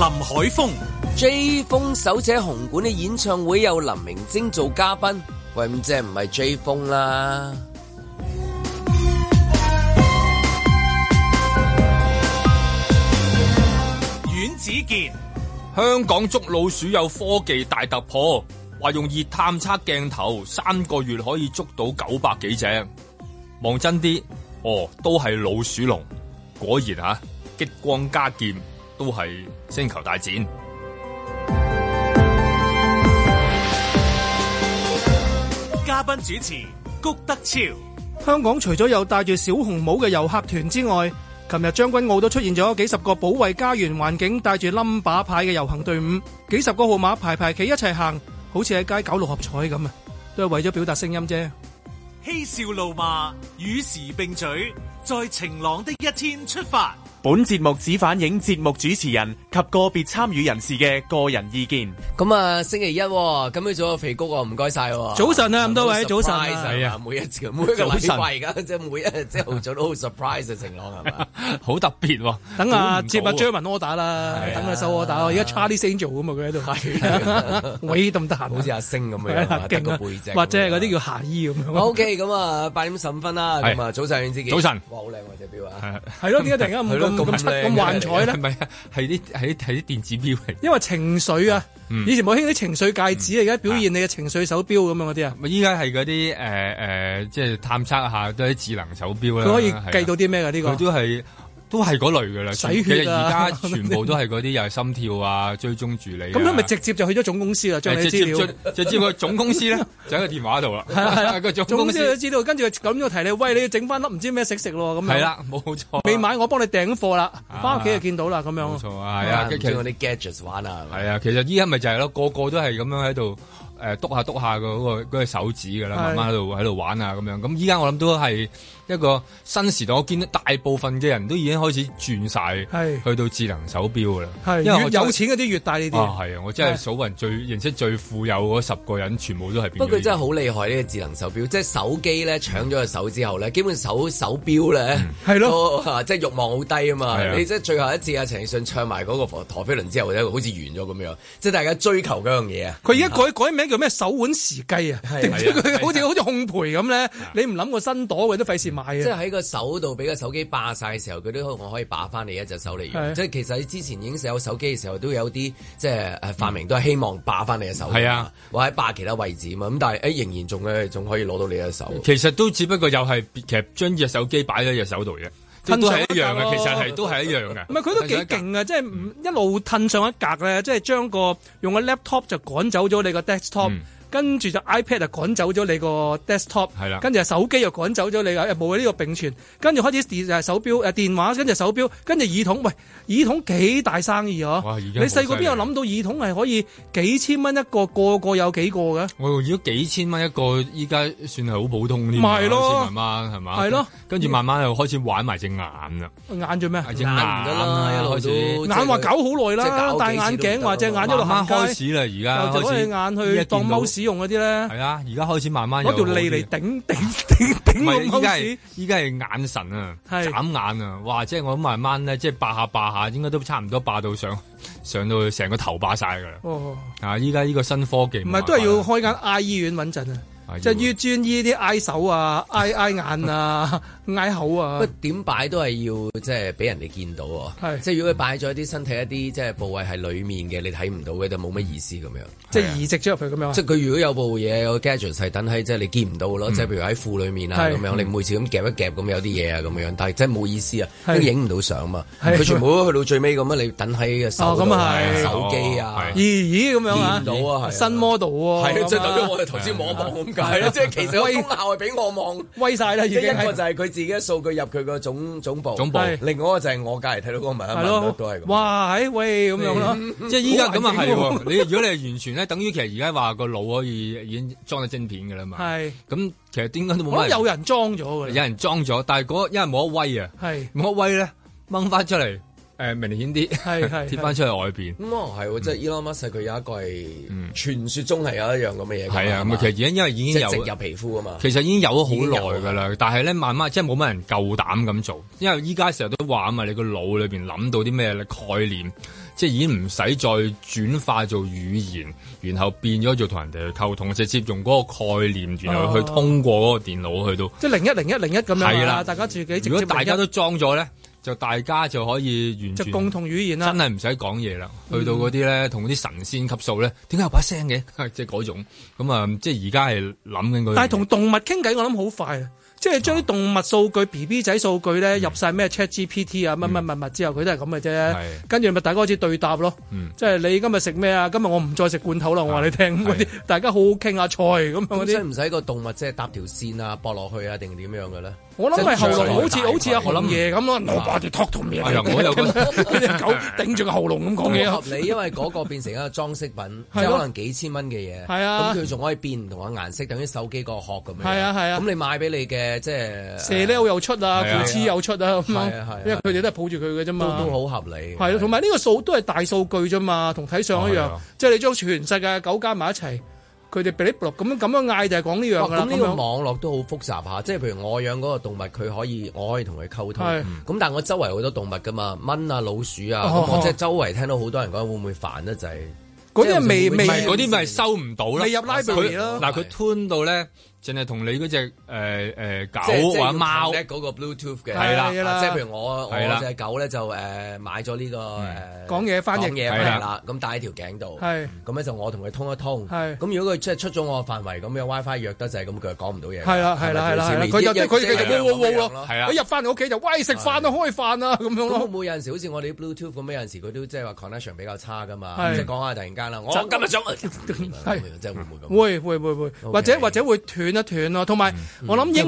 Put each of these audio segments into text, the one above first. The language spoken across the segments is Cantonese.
林海峰 J 峰首者紅館嘅演唱會有林明晶做嘉賓，喂唔知係唔係 J 峰啦。阮子健香港捉老鼠有科技大突破，話用熱探測鏡頭三個月可以捉到九百幾隻。望真啲哦，都係老鼠龍，果然吓、啊、激光加劍。都係星球大戰。嘉賓主持谷德昭。香港除咗有帶住小紅帽嘅遊客團之外，琴日將軍澳都出現咗幾十個保衛家園環境、帶住冧把牌嘅遊行隊伍，幾十個號碼排排企一齊行，好似喺街搞六合彩咁啊！都係為咗表達聲音啫。嬉笑怒罵與時並舉，在晴朗的一天出發。本節目只反映節目主持人及個別參與人士嘅個人意見。咁啊，星期一，咁你做個肥谷啊，唔該晒。早晨啊，咁多位早晨。係啊，每一日每個早晨。好快而家即係每一日即係好早都好 surprise 嘅情況係嘛？好特別。等我接阿張文 order 啦，等我收 order。而家 Charlie Angel 咁啊，佢喺度。我依度咁得閒。好似阿星咁樣啊，得個背脊。或者係嗰啲叫夏姨咁樣。O K，咁啊，八點十五分啦。咁啊，早晨先自己。早晨。哇，好靚啊，隻表啊。係。係咯，點解突然間咁？咁幻彩咧？係咪啊？係啲係啲啲電子表嚟？因為情緒啊，嗯、以前冇興啲情緒戒指啊，而家、嗯、表現你嘅情緒手表咁樣嗰啲啊？咪依家係嗰啲誒誒，即、呃、係、呃就是、探測下都啲智能手表啦。佢可以計到啲咩噶呢個？佢都係。都係嗰類噶啦，其實而家全部都係嗰啲又係心跳啊，追蹤住你。咁佢咪直接就去咗總公司啦，將啲資料。直接去總公司咧，就喺個電話度啦。係總公司都知道，跟住咁樣提你，喂，你要整翻粒唔知咩食食咯咁。係啦，冇錯。未買我幫你訂貨啦，翻屋企就見到啦，咁樣。冇錯啊，跟住嗰啲 gadgets 玩啊。係啊，其實依家咪就係咯，個個都係咁樣喺度。誒篤下篤下個嗰個手指㗎啦，慢慢喺度喺度玩啊咁樣。咁依家我諗都係一個新時代。我見到大部分嘅人都已經開始轉晒去到智能手錶㗎啦。係越有錢嗰啲越戴呢啲。啊係啊，我真係數人最認識最富有嗰十個人，全部都係變。不過真係好厲害呢個智能手錶，即係手機咧搶咗個手之後咧，基本手手錶咧係咯，即係慾望好低啊嘛。你即係最後一次啊，陳奕迅唱埋嗰個陀陀飛輪之後咧，好似完咗咁樣。即係大家追求嗰樣嘢啊。佢而家改改名。叫咩手腕時計啊？定即係佢好似好似烘焙咁咧？啊、你唔諗個新朵，佢都費事買啊！嗯、即係喺個手度俾個手機霸晒嘅時候，佢都可可以霸翻你一隻手嚟、啊、即係其實之前已經有手機嘅時候，都有啲即係誒、啊、發明都係希望霸翻你嘅手，係啊、嗯，或者霸其他位置啊。咁但係 A、欸、仍然仲仲可以攞到你嘅手。其實都只不過又係其實將隻手機擺喺隻手度啫。都係一樣嘅，其實係都係一樣嘅。唔係，佢都幾勁啊。即係一路褪上一格咧，即係、嗯、將個用個 laptop 就趕走咗你個 desktop、嗯。跟住就 iPad 就趕走咗你個 desktop，係啦。跟住手機又趕走咗你，冇呢個並存。跟住開始電手錶誒電話，跟住手錶，跟住耳筒。喂，耳筒幾大生意啊？你細個邊有諗到耳筒係可以幾千蚊一個，個個有幾個嘅？我用咗幾千蚊一個，依家算係好普通添。咪係咯，係嘛？係咯。跟住慢慢又開始玩埋隻眼啊。眼做咩？隻眼開始眼話搞好耐啦，戴眼鏡話隻眼一路下開始啦，而家開眼去使用嗰啲咧，係啊，而家開始慢慢攞條脷嚟頂頂頂頂咁開始。依家係眼神啊，係眨眼啊！哇，即係我慢慢咧，即係霸下霸下，應該都差唔多霸到上上到成個頭霸曬噶啦。啊、哦，依家呢個新科技唔係都係要開間 I 醫、e、院穩陣啊！就越要專意啲挨手啊、挨挨眼啊、挨口啊，點擺都係要即係俾人哋見到。啊。即係如果佢擺咗啲身體一啲即係部位係裡面嘅，你睇唔到嘅就冇乜意思咁樣。即係移植咗入去咁樣。即係佢如果有部嘢有 gadget 係等喺即係你見唔到咯，即係譬如喺褲裡面啊咁樣，你每次咁夾一夾咁有啲嘢啊咁樣，但係真係冇意思啊，因為影唔到相啊嘛。佢全部去到最尾咁啊，你等喺手部手機啊，咦咦咁樣啊，到新 model 喎，係即係等於我哋頭先摸一係咯，即係其實個功效係俾我望威晒啦。即係一個就係佢自己嘅數據入佢個總總部，另外個就係我隔籬睇到嗰個咪，文啊，都係。哇，喂，咁樣咯。即係依家咁啊係。你如果你係完全咧，等於其實而家話個腦可以已經裝咗晶片噶啦嘛。係。咁其實點解都冇乜，有人裝咗有人裝咗，但係嗰因為冇得威啊。係。冇得威咧，掹翻出嚟。誒、呃、明顯啲係係貼翻出去外邊，咁可能係，哦嗯、即係 Elon Musk 佢有一個係傳説中係有一樣咁嘅嘢係啊，其實而家因為已經有入皮膚啊嘛，其實已經有咗好耐㗎啦，但係咧慢慢即係冇乜人夠膽咁做，因為依家成日都話啊嘛，你個腦裏邊諗到啲咩概念，即係已經唔使再轉化做語言，然後變咗做同人哋去溝通，直接用嗰個概念，然後去通過嗰個電腦去到、哦、即係零一零一零一咁樣啦，大家自己直接直接。如果大家都裝咗咧？就大家就可以完全，就共同語言啦，真係唔使講嘢啦。去到嗰啲咧，同嗰啲神仙級數咧，點解有把聲嘅？即係嗰種咁啊！即係而家係諗緊嗰。但係同動物傾偈，我諗好快啊！即係將啲動物數據、BB 仔數據咧，入晒咩 ChatGPT 啊、乜乜物物之後，佢都係咁嘅啫。跟住咪大家開始對答咯。即係你今日食咩啊？今日我唔再食罐頭啦，我話你聽啲。大家好好傾下菜咁樣嗰啲。唔使個動物即係搭條線啊，駁落去啊，定點樣嘅咧？我諗係喉嚨好似好似阿何林爺咁咯，攞把條拖拖面，隻狗頂住個喉嚨咁講嘢。合理，因為嗰個變成一個裝飾品，可能幾千蚊嘅嘢。係啊，咁佢仲可以變唔同嘅顏色，等於手機個殼咁樣。係啊係啊，咁你買俾你嘅即係蛇咧，又出啊，狐痴又出啊，因為佢哋都係抱住佢嘅啫嘛。都好合理。係同埋呢個數都係大數據啫嘛，同睇上一樣，即係你將全世界嘅狗加埋一齊。佢哋噼里啪啦咁樣咁樣嗌就係講呢樣㗎啦。咁、哦、個網絡都好複雜嚇，即、就、係、是、譬如我養嗰個動物，佢可以我可以同佢溝通。咁是但係我周圍好多動物㗎嘛，蚊啊老鼠啊，哦、即係周圍聽到好多人講，會唔會煩得滯？嗰啲未會會未嗰啲咪收唔到啦，未入拉佢，咯、啊。嗱佢吞到咧。啊啊啊啊淨係同你嗰隻誒誒狗或者貓嗰個 Bluetooth 嘅係啦，即係譬如我我隻狗咧就誒買咗呢個誒講嘢翻譯係啦，咁戴喺條頸度，咁咧就我同佢通一通，咁如果佢即係出咗我嘅範圍咁，有 WiFi 弱得就滯咁，佢講唔到嘢係啦係啦係啦，佢入翻嚟屋企就喂食飯啦開飯啦咁樣咯，會唔會有陣時好似我哋啲 Bluetooth 咁，有陣時佢都即係話 connection 比較差噶嘛，即係講下突然間啦，我今日想去係，即會會會會或者或者會斷。斷一斷咯，同埋我諗英文對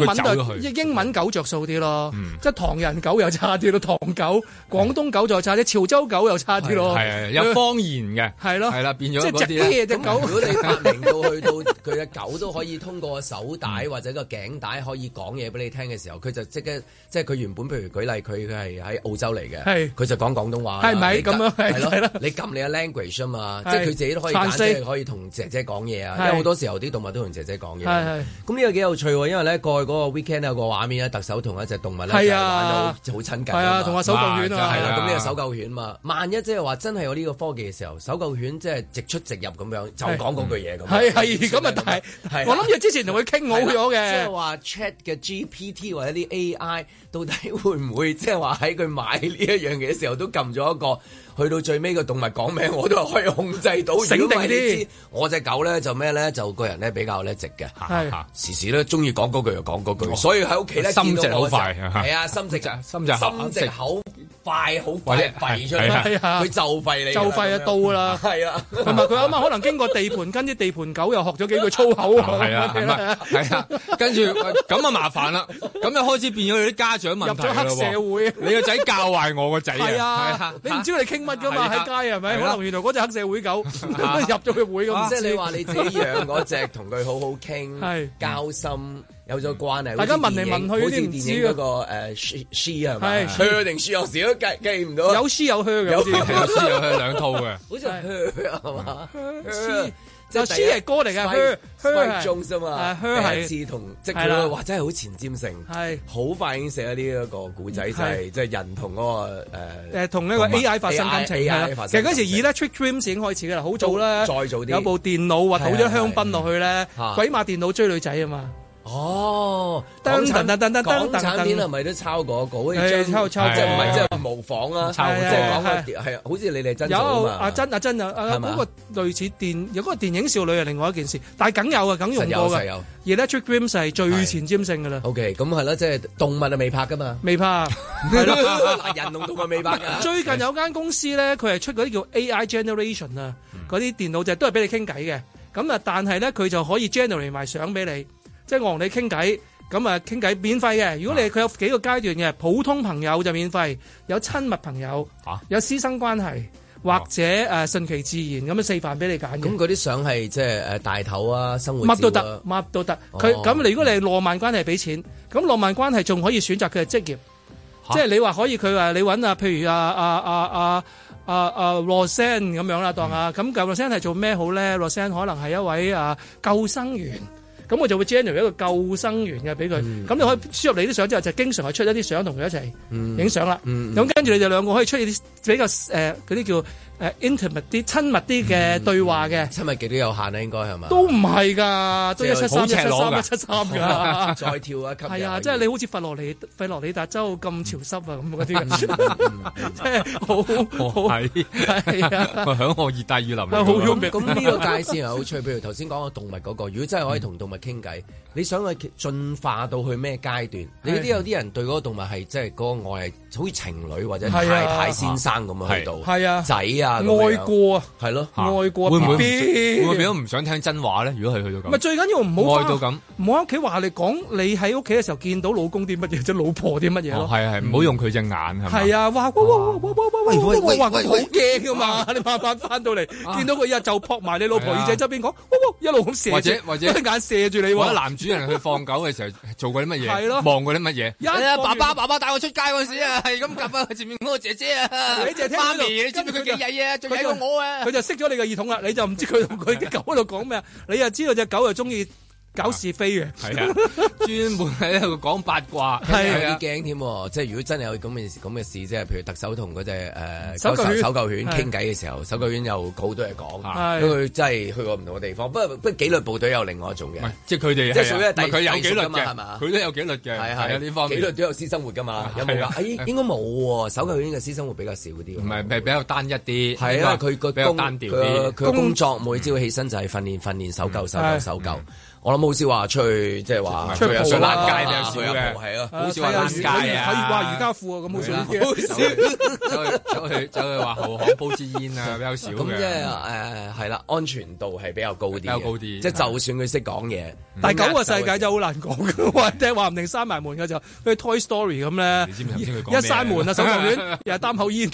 英文狗着數啲咯，即係唐人狗又差啲咯，唐狗、廣東狗就差啲，潮州狗又差啲咯。係有方言嘅，係咯，係啦，變咗即係啲嘢隻狗。如果你發明到去到佢嘅狗都可以通過手帶或者個頸帶可以講嘢俾你聽嘅時候，佢就即刻即係佢原本譬如舉例，佢佢係喺澳洲嚟嘅，佢就講廣東話，係咪咁樣，係咯？你撳你嘅 language 啊嘛，即係佢自己都可以揀，即係可以同姐姐講嘢啊。因為好多時候啲動物都同姐姐講嘢。咁呢個幾有趣喎，因為咧過去嗰個 weekend 有個畫面咧，特首同一隻動物咧就玩到就好親近，係啊，同話搜救犬啊，係啦、啊，咁呢個搜救犬嘛，萬一即係話真係有呢個科技嘅時候，搜救犬即係直出直入咁樣就講嗰句嘢咁，係係、嗯，咁啊，但係，係，我諗住之前同佢傾好咗嘅，即係話 Chat 嘅 GPT 或者啲 AI。到底會唔會即係話喺佢買呢一樣嘢嘅時候都撳咗一個去到最尾個動物講名我都可以控制到。醒定啲。我隻狗咧就咩咧就個人咧比較咧直嘅，嚇時時咧中意講嗰句又講嗰句，所以喺屋企咧。心直好快，係啊，心直就心直，心直口快好快吠出嚟佢就吠你，就吠一刀啦，係啊，同埋佢啱啱可能經過地盤，跟啲地盤狗又學咗幾句粗口，係啊，係啊，跟住咁啊麻煩啦，咁就開始變咗佢啲家。入咗黑社會，你個仔教壞我個仔啊！你唔知佢哋傾乜噶嘛？喺街係咪？可能原來嗰隻黑社會狗入咗佢會咁。即係你話你自己養嗰隻，同佢好好傾，交心有咗關係。大家問嚟問去，好似電影嗰個誒 she 定 she 有時都記記唔到，有 she 有靴嘅，有 she 有靴兩套嘅，好似係靴啊嘛。就詩係歌嚟嘅，靴靴係，第一次同即係佢話真係好前瞻性，係好快已經寫咗呢一個故仔就係即係人同嗰個誒誒同一個 AI 發生感情，其實嗰時《Electric Dreams》已經開始嘅啦，好早啦，再早啲有部電腦話倒咗香檳落去咧，鬼馬電腦追女仔啊嘛。哦，港產港產片係咪都抄嗰個？好似抄抄即係唔係即係模仿啦，抄即係講下係啊，好似你哋真有啊，真啊真啊啊嗰個類似電有嗰個電影少女係另外一件事，但係梗有嘅，梗用過嘅。Electric Dreams 係最前瞻性嘅啦。O K，咁係咯，即係動物啊，未拍噶嘛？未拍係咯，嗱人龍動物未拍。最近有間公司咧，佢係出嗰啲叫 A I generation 啊，嗰啲電腦就都係俾你傾偈嘅。咁啊，但係咧佢就可以 generate 埋相俾你。即係我同你傾偈，咁啊傾偈免費嘅。如果你佢有幾個階段嘅，普通朋友就免費，有親密朋友，有師生關係，或者誒順其自然咁樣四範俾你揀嘅。咁嗰啲相係即係誒大頭啊，生活乜、啊、都得，乜都得。佢咁如果你浪漫關係俾錢，咁浪漫關係仲可以選擇佢嘅職業，啊、即係你話可以佢話你搵啊，譬如啊啊啊啊啊啊，羅森咁樣啦，當啊咁個羅森係做咩好咧？羅森可能係一位啊救生員。咁我就會 generate 一個救生員嘅俾佢。咁、嗯、你可以輸入你啲相之後，就經常係出一啲相同佢一齊影相啦。咁、嗯嗯嗯、跟住你哋兩個可以出現啲比較誒，嗰、呃、啲叫。Intimate 啲親密啲嘅對話嘅，親密幾多有限啊？應該係咪？都唔係㗎，都一七三一七三一七三㗎，再跳一級。係啊，即係你好似佛羅里佛羅里達州咁潮濕啊咁嗰啲人，好係係啊，響我熱帶雨林啊，好有名。咁呢個界線係好脆，譬如頭先講個動物嗰個，如果真係可以同動物傾偈，你想佢進化到去咩階段？有啲有啲人對嗰個動物係即係嗰個愛係好似情侶或者太太先生咁去到係啊仔啊。愛過啊，係咯，愛過會唔會會唔會變咗唔想聽真話咧？如果係去到咁，咪最緊要唔好愛到咁，唔好喺屋企話嚟講，你喺屋企嘅時候見到老公啲乜嘢，即係老婆啲乜嘢咯。係係，唔好用佢隻眼係啊，話哇哇哇哇哇哇哇，話佢好驚啊嘛，你麻煩翻到嚟見到佢，日就撲埋你老婆耳仔側邊講，一路咁射隻，或者眼射住你。或者男主人去放狗嘅時候做過啲乜嘢，係咯，望過啲乜嘢？啊，爸爸爸爸帶我出街嗰時啊，係咁夾翻佢前面嗰個姐姐啊，媽咪，你知唔知佢幾曳？佢 Yeah, 就熄咗我你嘅耳筒啦， 你就唔知佢同佢啲狗喺度講咩，你啊知道隻狗又中意。 搞是非嘅，係啊，專門喺度講八卦，有啲驚添。即係如果真係有咁嘅事，咁嘅事即係，譬如特首同嗰隻誒，搜救搜救犬傾偈嘅時候，搜救犬又好多嘢講，佢真係去過唔同嘅地方。不過，不過紀律部隊有另外一種嘅，即係佢哋，即係佢有紀律嘅係嘛，佢都有紀律嘅，係係呢方面紀律都有私生活噶嘛？有冇話？哎，應該冇喎，搜救犬嘅私生活比較少啲，唔係，係比較單一啲，係啊，佢佢比較單調啲。佢工作每朝起身就係訓練訓練搜救搜救搜救。我諗好似話出去，即係話出去上街，比較少。好似話上街啊，可以話瑜伽褲啊，咁好少。好少。走去走去走去話後巷煲支煙啊，比較少。咁即係誒係啦，安全度係比較高啲，高啲。即係就算佢識講嘢，但係九個世界就好難講。話爹話唔定閂埋門嘅就，好似 Toy Story 咁咧。你知唔知一閂門啊，手又係擔口煙。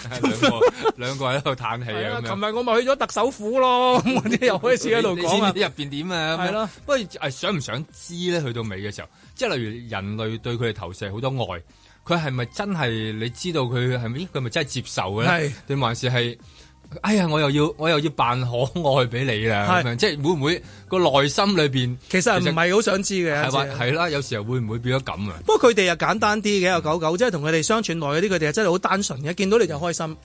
兩個兩個喺度嘆氣啊！琴日我咪去咗特首府咯，咁嗰啲又開始喺度講。你入邊點啊？係咯，不如。係想唔想知咧？去到尾嘅時候，即係例如人類對佢哋投射好多愛，佢係咪真係？你知道佢係咪？佢咪真係接受咧？定是還是係？哎呀，我又要我又要扮可愛俾你啦，即係會唔會個內心裏邊其實唔係好想知嘅？係啦，有時候會唔會變咗咁啊？不過佢哋又簡單啲嘅，狗狗即係同佢哋相處耐啲，佢哋真係好單純嘅，見到你就開心，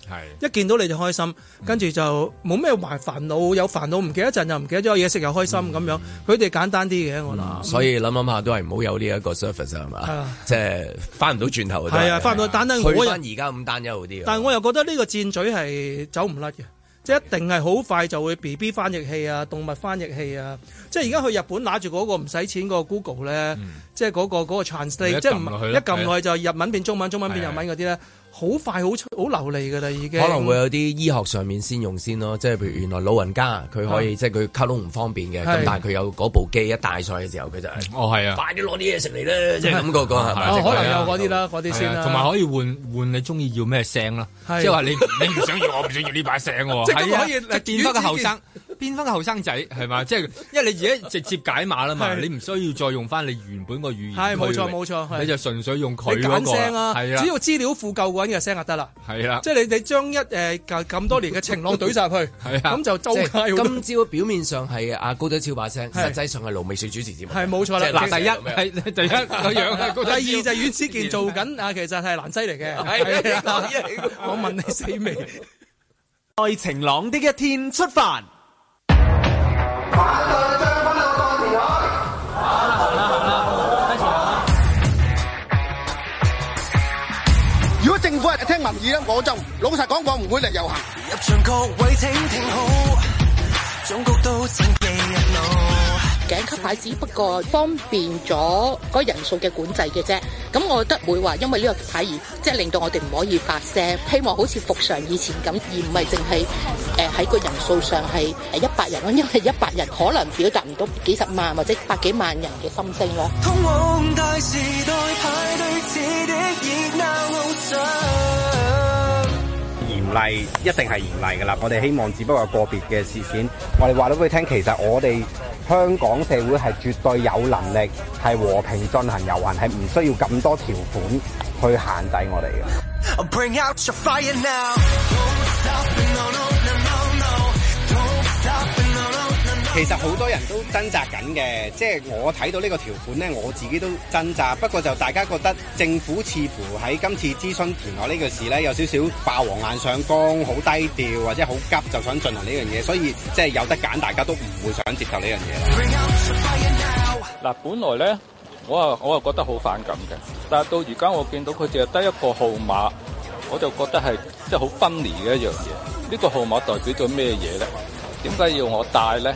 一見到你就開心，跟住就冇咩煩煩惱，有煩惱唔記得陣又唔記得咗，嘢食又開心咁樣，佢哋簡單啲嘅我諗。所以諗諗下都係唔好有呢一個 surface 啊嘛，即係翻唔到轉頭係啊，翻到單單我又而家咁單休好啲，但係我又覺得呢個箭嘴係走唔甩。即係一定係好快就會 B B 翻譯器啊，動物翻譯器啊，即係而家去日本拿住嗰個唔使錢嗰個 Google 咧，嗯，即係嗰個嗰個 Translate，即係一撳落去就日文變中文，的中文變日文嗰啲咧。好快好出好流利嘅啦，已經可能會有啲醫學上面先用先咯，即係譬如原來老人家佢可以即係佢溝通唔方便嘅，咁但係佢有嗰部機一大賽嘅時候，佢就係哦係啊，快啲攞啲嘢食嚟啦，即係咁嗰個係咪？可能有嗰啲啦，嗰啲先啦，同埋可以換換你中意要咩聲啦，即係話你你唔想要，我唔想要呢把聲喎，即係可以變翻個後生，變翻個後生仔係嘛？即係因為你而家直接解碼啦嘛，你唔需要再用翻你原本個語言，係冇錯冇錯，你就純粹用佢嗰個，係啊，只要資料附夠嘅話。嘅聲得啦，係啦，即係你你將一誒咁咁多年嘅晴朗懟晒去，係啊，咁就周街。今朝表面上係阿高德超把聲，實際上係盧美雪主持節目，係冇錯啦。嗱，第一係第一，第二就阮子健做緊啊，其實係蘭西嚟嘅。嗱，我問你死未，在晴朗的一天出發。而家我就，老實講講唔會嚟遊行。入場各位請聽好，總局都請記一攞。頸級牌只不過方便咗個人數嘅管制嘅啫，咁我覺得唔會話因為呢個牌而即係令到我哋唔可以發聲。希望好似復常以前咁，而唔係淨係誒喺個人數上係一百人咯，因為一百人可能表達唔到幾十萬或者百幾萬人嘅心聲啦。例一定係嚴厲㗎啦，我哋希望只不過個別嘅事件，我哋話咗俾佢聽，其實我哋香港社會係絕對有能力係和平進行遊行，係唔需要咁多條款去限制我哋嘅。 其實好多人都掙扎緊嘅，即係我睇到呢個條款咧，我自己都掙扎。不過就大家覺得政府似乎喺今次諮詢填海呢個事咧，有少少霸王硬上弓，好低調或者好急就想進行呢樣嘢，所以即係有得揀，大家都唔會想接受呢樣嘢啦。嗱，本來咧，我啊我又覺得好反感嘅，但係到而家我見到佢淨係得一個號碼，我就覺得係即係好分離嘅一樣嘢。呢個號碼代表咗咩嘢咧？點解要我帶咧？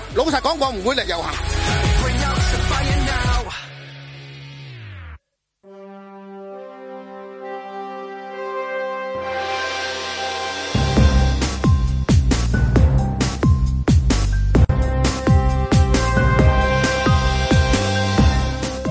老實講，我唔會嚟遊行。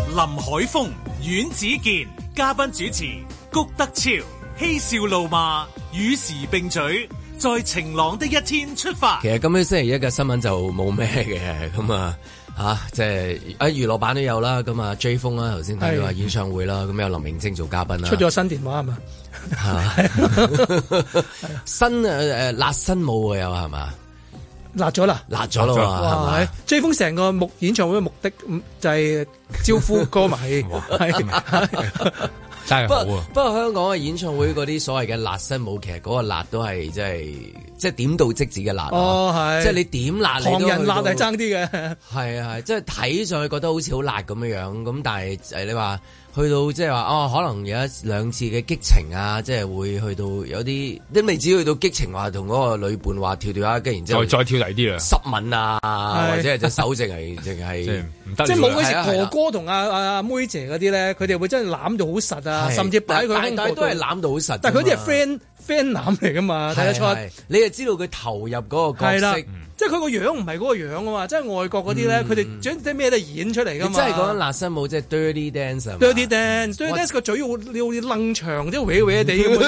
林海峰、阮子健，嘉賓主持，谷德超，嬉笑怒罵，與時並舉。在晴朗的一天出發。其實今日星期一嘅新聞就冇咩嘅，咁、嗯、啊吓，即係喺娛樂版都有啦。咁啊追風啦，頭先提到演唱會啦，咁、啊、有林明晶做嘉賓啦，出咗新電話係嘛， 新誒誒，辣新舞啊有係嘛， 辣咗啦，辣咗了啦了，係嘛？追風成個目演唱會嘅目的就係招呼歌迷。不過， 不過，不過香港嘅演唱會嗰啲所謂嘅辣身舞，其實嗰個辣都係即係即係點到即止嘅辣哦，係，即係你點辣你人辣係爭啲嘅。係啊係，即係睇上去覺得好似好辣咁嘅樣，咁但係誒你話。去到即係話哦，可能有一兩次嘅激情啊，即係會去到有啲，都、嗯、未止去到激情話同嗰個女伴話跳跳啊，跟然後之後再跳大啲啊，濕吻啊，或者係隻手淨係淨係即係冇嗰時，哥哥同阿阿阿妹姐嗰啲咧，佢哋會真係攬到好實啊，是甚至擺佢。但係都係攬到好實。但係佢啲係 friend。fan 男嚟噶嘛？係啊，錯。你係知道佢投入嗰個角色，即係佢個樣唔係嗰個樣啊嘛。即係外國嗰啲咧，佢哋即係咩都演出嚟噶嘛。你真係講垃圾舞，即係 dirty dance dirty dance dance 個嘴要要楞長，即係歪歪地咁樣，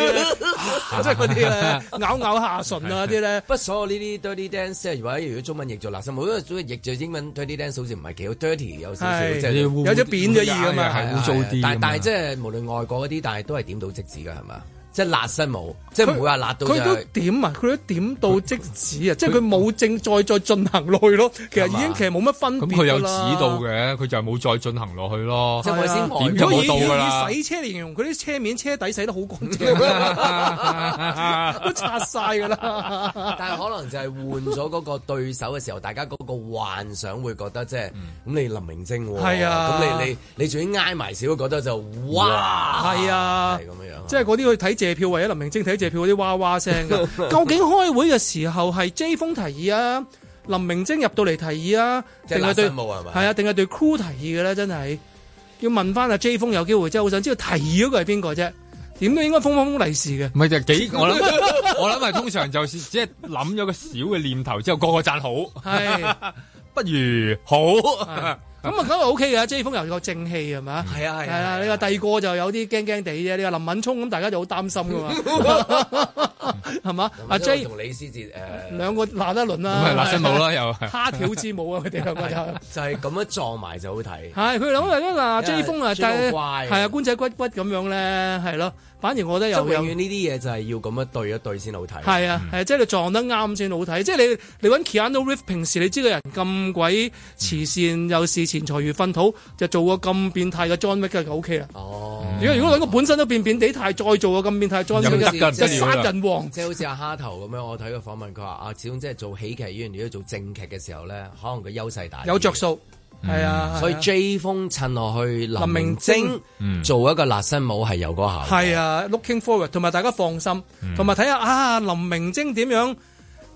即係嗰啲咧咬咬下唇啊啲咧。不，所有呢啲 dirty dance，或者如果中文譯做垃圾舞，因為總之譯做英文 dirty dance 好似唔係幾好，dirty 有少少即有啲扁咗耳㗎嘛，污糟啲。但係即係無論外國嗰啲，但係都係點到即止㗎，係嘛？即係辣圾冇，即係唔會話辣到。佢都點啊？佢都點到即止啊！即係佢冇正再再進行落去咯。其實已經，其實冇乜分別。佢有指導嘅，佢就係冇再進行落去咯。即係咪先？點有到噶啦？所以洗車嚟，形容佢啲車面、車底洗得好乾淨，都拆晒噶啦。但係可能就係換咗嗰個對手嘅時候，大家嗰個幻想會覺得，即係咁你林明晶係啊？咁你你你，仲要挨埋少都覺得就哇係啊，咁樣即係嗰啲去睇。借票，或者林明晶睇借票嗰啲哇哇聲嘅， 究竟開會嘅時候係 J 峰提議啊，林明晶入到嚟提議啊，定係對係啊，定係對 Cool 提議嘅咧？真係要問翻阿 J 峰有機會，真係好想知道提議嗰個係邊個啫？點都應該封封利是嘅，唔係就幾我諗，我諗係通常就是即係諗咗個小嘅念頭之後，個個讚好，是 不如好。咁啊，梗係 O K 嘅，Jay 峰又個正氣係咪啊？係啊係啊，係啊！你話第二個就有啲驚驚地啫，你話林敏聰咁，大家就好擔心噶嘛，係嘛？阿 J 同李思捷誒兩個難得輪啦，難得舞啦又，蝦跳之舞啊佢哋兩個就就係咁樣撞埋就好睇。係佢兩個人阿 Jay 峰啊，戴係啊官仔骨骨咁樣咧，係咯，反而我覺得又永遠呢啲嘢就係要咁樣對一對先好睇。係啊係，即係你撞得啱先好睇，即係你你揾 Keanu Reeves 平時你知個人咁鬼慈善又事。錢財如糞土，就做個咁變態嘅 John Wick 就 OK 啦。哦，如果如果兩個本身都變變地態，再做個咁變態 John Wick，就殺人王。即係好似阿蝦頭咁樣， 我睇個訪問，佢話啊，始終即係做喜劇演員，如果做正劇嘅時候咧，可能個優勢大有着數，係啊、嗯。所以 J 風、啊啊、趁落去林明晶做一個立身舞係有嗰下，係啊。Looking forward，同埋大家放心，同埋睇下啊，林明晶點樣。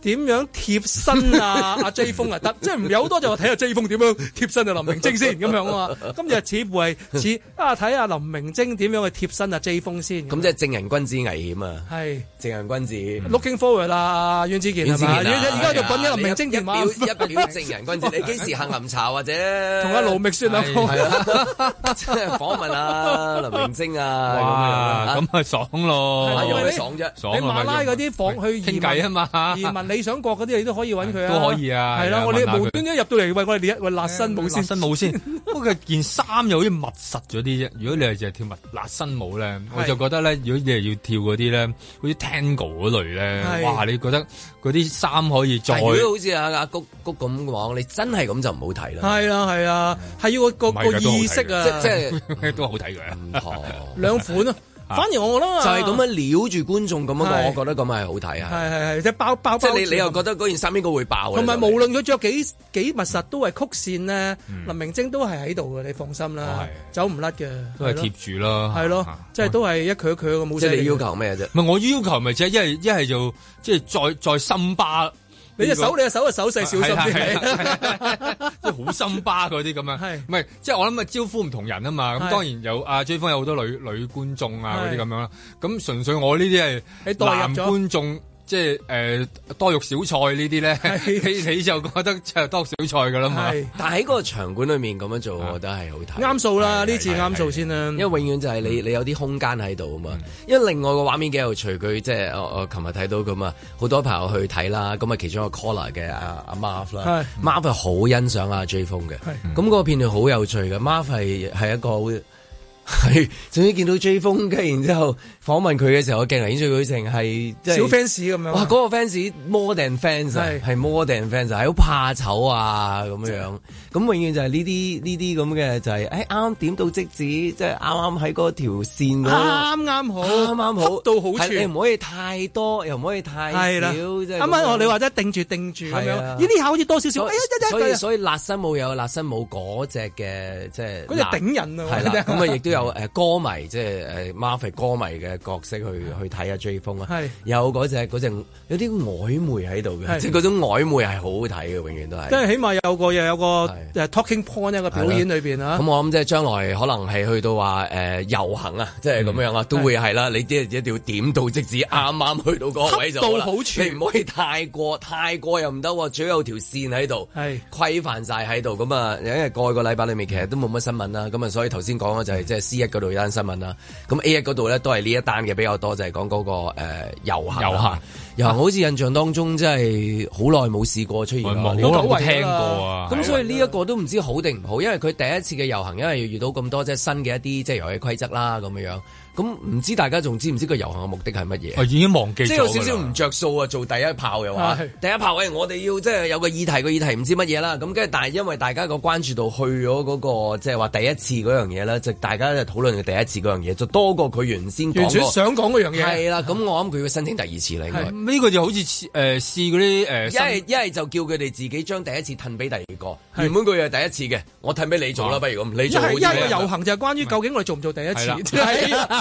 點樣貼身啊？阿 J 風啊得，即係唔有好多就話睇下 J 風點樣貼身啊，林明晶先咁樣啊嘛。今日似乎係似啊，睇下林明晶點樣去貼身啊，J 風先。咁即係正人君子危險啊！係正人君子。Looking forward 啦，袁子健啊，袁子健啊。而家就揾阿林明晶一表一表正人君子。你幾時行林巢或者同阿盧覓算啊？係啊，訪問阿林明晶啊。哇，咁啊爽咯，係咪因為爽啫？你馬拉嗰啲訪去傾偈啊嘛，疑問。你想覺嗰啲你都可以揾佢啊，都可以啊，係啦，我哋無端端入到嚟，喂，我哋嚟喂，拉伸舞、拉伸舞先，不過件衫又好似密實咗啲啫。如果你係淨係跳物拉伸舞咧，我就覺得咧，如果你係要跳嗰啲咧，好似 Tango 嗰類咧，哇，你覺得嗰啲衫可以再好似阿阿谷谷咁講，你真係咁就唔好睇啦。係啊係啊，係要個個意識啊，即係都好睇嘅，兩款啊。反而我囉就係咁樣撩住觀眾咁樣我覺得咁係好睇啊！係係係，即包包，即係你你又覺得嗰件衫應該會爆？同埋無論佢着幾幾密實，都係曲線咧。林明晶都係喺度嘅，你放心啦，走唔甩嘅，都係貼住咯。係咯，即係都係一佢一佢嘅冇。即係你要求咩啫？唔係我要求咪即係一係一係就即係再再深巴。誰你隻手，你隻手嘅手勢小心啲，即係好心巴嗰啲咁樣。唔係， 即係我諗啊，招呼唔同人啊嘛。咁 當然有啊，追風有好多女女觀眾啊嗰啲咁樣啦。咁純粹我呢啲係男觀眾。 即係誒、呃、多肉少菜呢啲咧是，你就覺得就多少菜噶啦嘛？是但喺嗰個場館裏面咁樣做，是我覺得係好睇。啱數啦，呢次啱數先啦。因為永遠就係你你有啲空間喺度啊嘛。因為另外個畫面幾有趣，佢即係我我琴日睇到咁啊，好多朋友去睇啦。咁啊，其中一個 Collar 嘅阿阿 Marv 啦，Marv 係好欣賞阿 Jay Fung 嘅。咁嗰是、嗯、個片段好有趣嘅，Marv 係係一個好係，終 於見到 Jay Fung 嘅，然之後。訪問佢嘅時候，我見嚟顯出佢成係即係小 fans 咁樣，哇！嗰個 fans more than fans，係 more than fans，係好怕醜啊咁樣。咁永遠就係呢啲呢啲咁嘅就係，誒啱啱點到即止，即係啱啱喺嗰條線嗰啱啱好，啱啱好到好處。你唔可以太多，又唔可以太少。啱啱我你話啫，定住定住咁呢啲好似多少少，所以所以拉身冇有，拉身冇嗰隻嘅即係嗰隻頂人啊。咁啊亦都有誒歌迷，即係誒 Marvin 歌迷嘅。角色去去睇下追風啊。是有，有嗰只只有啲曖昧喺度嘅，是即係嗰種曖昧係好好睇嘅，永遠都係。即係起碼有個又有個，是一個 talking point 咧的，個表演裏邊啊。咁、嗯、我諗即係將來可能係去到話誒、呃、遊行啊，即係咁樣啊，嗯、都會係啦。的你啲一定要點到即止，啱啱去到嗰位就好啦。唔可以太過太過又唔得、啊，最好有條線喺度，係的規範曬喺度咁啊。因為過個禮拜裏面其實都冇乜新聞啦，咁啊，所以頭先講嘅就係即係 C 一嗰度有單新聞啦、啊，咁 A 呢一嗰度咧都係呢一。單嘅比較多就係講嗰個誒遊行遊行遊行。好似印象當中即係好耐冇試過出現啦，好耐冇聽過啊。咁對所以呢一個都唔知好定唔好？因為佢第一次嘅遊行，因為要遇到咁多即係新嘅一啲即係遊戲規則啦咁樣樣。咁唔知大家仲知唔知個遊行嘅目的係乜嘢？已經忘記，即有少少唔着數啊！做第一炮又話第一炮，喂！我哋要即係有個議題，個議題唔知乜嘢啦。咁跟住，但係因為大家個關注度去咗嗰個，即係話第一次嗰樣嘢咧，就大家就討論嘅第一次嗰樣嘢，就多過佢原先完全想講嗰樣嘢。係啦，咁我諗佢會申請第二次嚟。呢個就好似誒試嗰啲誒，一係一係就叫佢哋自己將第一次褪俾第二個。原本佢係第一次嘅，我褪俾你做啦，不如咁你做。一係一個遊行就係關於究竟我哋做唔做第一次？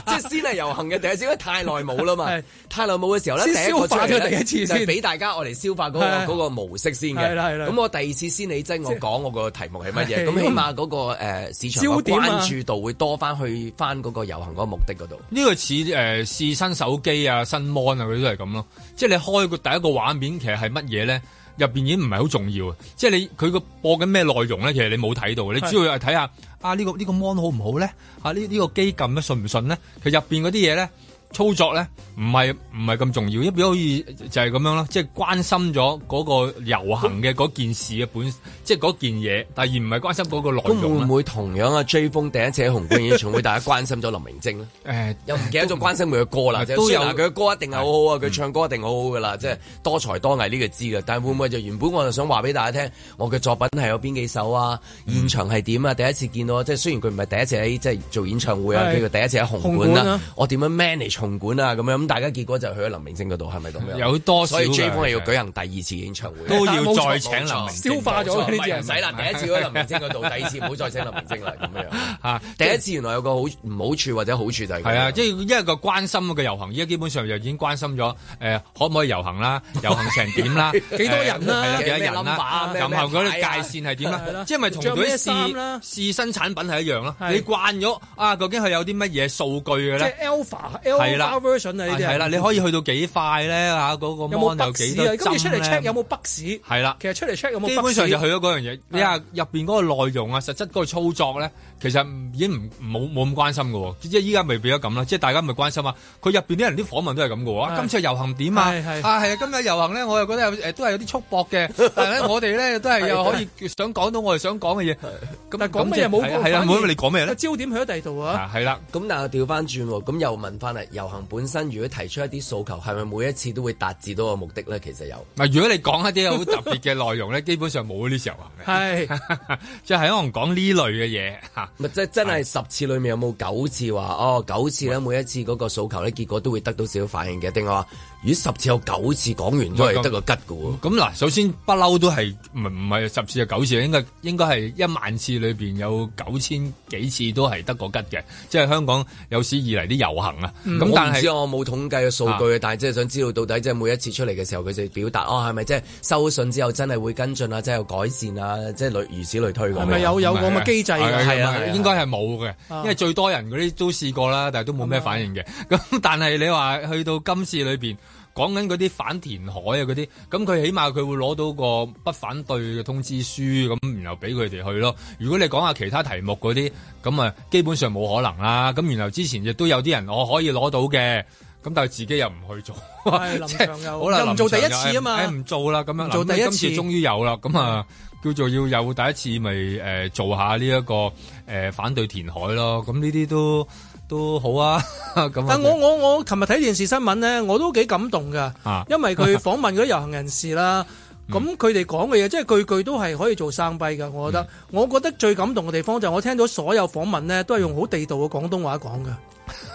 即係先係遊行嘅第一次，因為太耐冇啦嘛。的太耐冇嘅時候咧，先消化咗第一次，就俾大家我嚟消化嗰、那個是的 個模式先嘅。係啦，係啦。咁我第二次先理真我講的我個題目係乜嘢？咁起碼嗰、那個誒、呃點啊、市場嘅關注度會多翻去翻嗰個遊行嗰個目的嗰度。呢個似誒、呃、試新手機啊、新 mon 啊，佢都係咁咯。即係你開個第一個畫面，其實係乜嘢咧？入邊已經唔係好重要啊。即係你佢個播緊咩內容咧？其實你冇睇到，你主要係睇下。啊！呢、呢個呢、呢個 mon 好唔好咧？啊！呢個呢個、機呢順順呢個機撳咧順唔順咧？佢入邊嗰啲嘢咧？操作咧唔係唔係咁重要，一表可以就係咁樣咯，即係關心咗嗰個遊行嘅嗰件事嘅本，即係嗰件嘢，但而唔係關心嗰個內容。會唔會同樣啊？追風第一次喺紅館演唱會，大家關心咗林明晶咧？誒，又唔記得咗關心佢嘅歌啦，都有佢嘅歌一定係好好啊，佢唱歌一定好好噶啦，即係多才多藝呢個知噶。但會唔會就原本我就想話俾大家聽，我嘅作品係有邊幾首啊？現場係點啊？第一次見到，即係雖然佢唔係第一次喺即係做演唱會啊，佢第一次喺紅館啦，我點樣 manage？紅館啊，咁樣咁大家結果就去咗林明星嗰度，係咪咁樣？有多，所以 J 方係要舉行第二次演唱會，都要再請林明星。消化咗呢啲人，唔使啦第一次喺林明星嗰度，第二次唔好再請林明星啦。咁樣嚇，第一次原來有個好唔好處或者好處就係，係啊，即係一個關心個遊行而家基本上就已經關心咗，誒可唔可以遊行啦？遊行成點啦？幾多人啦？係啦，幾多人啦？然後嗰啲界線係點啦？即係咪同嗰啲試試新產品係一樣咯？你慣咗啊？究竟係有啲乜嘢數據嘅咧？即係 Alpha，啦 version 啊呢啲係啦，你可以去到幾快咧吓？嗰個 mon 有幾多心咧？有冇北市啊？今次出嚟 check 有冇北市？係啦，其實出嚟 check 有冇北市？基本上就去咗嗰樣嘢。你話入邊嗰個內容啊，實質嗰個操作咧，其實已經唔冇冇咁關心噶。即係依家未變咗咁啦。即係大家咪關心嘛？佢入邊啲人啲訪問都係咁噶。今次遊行點啊？啊係啊！今日遊行咧，我又覺得誒都係有啲束縛嘅。但係咧，我哋咧都係又可以想講到我哋想講嘅嘢。咁但係講咩又冇？係啊，冇乜你講咩咧？焦點去咗第度啊？係啦。咁但係調翻轉，咁又問翻嚟。遊行本身如果提出一啲訴求，係咪每一次都會達至到個目的咧？其實有。唔，如果你講一啲好特別嘅內容咧， 基本上冇呢啲遊行嘅。係是， 即係可能講呢類嘅嘢嚇。唔，即係真係十次裏面有冇九次話哦？九次咧，每一次嗰個訴求咧，喂結果都會得到少少反應嘅。定係話如果十次有九次講完喂都係得個吉嘅喎。咁嗱，首先不嬲都係唔唔係十次就九次，應該應該係一萬次裏邊有九千幾次都係得個吉嘅。即係香港有史以嚟啲遊行啊。嗯但係我唔知啊，我冇統計嘅數據啊，但係即係想知道到底即係每一次出嚟嘅時候，佢哋表達哦，係咪即係收信之後真係會跟進啊，即係改善啊，即係類如此類推㗎。係咪有有咁嘅、啊、機制嘅？係咪應該係冇嘅？啊、因為最多人嗰啲都試過啦，但係都冇咩反應嘅。咁、啊、 但係你話去到今次裏邊？講緊嗰啲反填海啊嗰啲，咁佢起碼佢會攞到個不反對嘅通知書，咁然後俾佢哋去咯。如果你講下其他題目嗰啲，咁啊基本上冇可能啦。咁然後之前亦都有啲人我、哦、可以攞到嘅，咁但係自己又唔去做，即係、哎 即係、好啦，唔做第一次啊嘛，唔、哎哎、做啦，咁樣做第一次，今次終於有啦，咁啊叫做要有第一次咪誒、呃、做下呢、呢、一個誒、呃、反對填海咯。咁呢啲都。都好啊，咁 樣子。但我我我琴日睇電視新聞咧，我都幾感動噶，因為佢訪問嗰啲遊行人士啦，咁佢哋講嘅嘢，即 係、就是、句句都係可以做生駒噶，我覺得。嗯、我覺得最感動嘅地方就係我聽到所有訪問咧，都係用好地道嘅廣東話講嘅，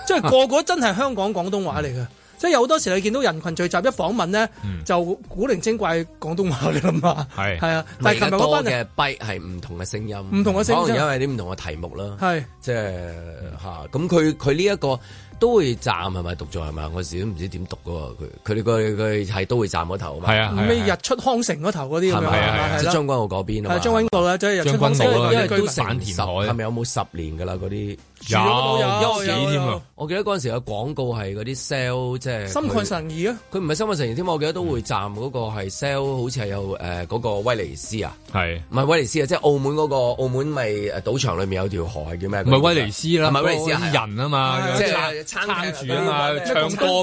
即、就、係、是、個個真係香港廣東話嚟嘅。 即係有好多時你見到人群聚集一訪問咧，嗯、就古靈精怪廣東話㗎啦嘛。係係啊，是是但係琴日嗰班人，弊係唔同嘅聲音，唔同嘅聲音，可能因為啲唔同嘅題目啦。係即係吓，咁佢佢呢一個。都會站係咪讀咗，係咪？我時都唔知點讀嘅喎。佢佢哋個佢係都會站嗰頭，咩日出康城嗰頭嗰啲咁樣。係啊，係啊，即係將軍澳嗰邊啊嘛。係將軍澳即係日出康城，因為都成十，係咪有冇十年嘅啦？嗰啲有有有。我記得嗰陣時嘅廣告係嗰啲 sell，即係心曠神怡啊。佢唔係心曠神怡添，我記得都會站嗰個係 sell，好似係有誒嗰個威尼斯啊。係唔係威尼斯啊？即係澳門嗰個澳門咪誒賭場裏面有條河叫咩？唔係威尼斯啦，唔係威尼斯啊，人啊嘛，即係。撐住啊嘛，唱歌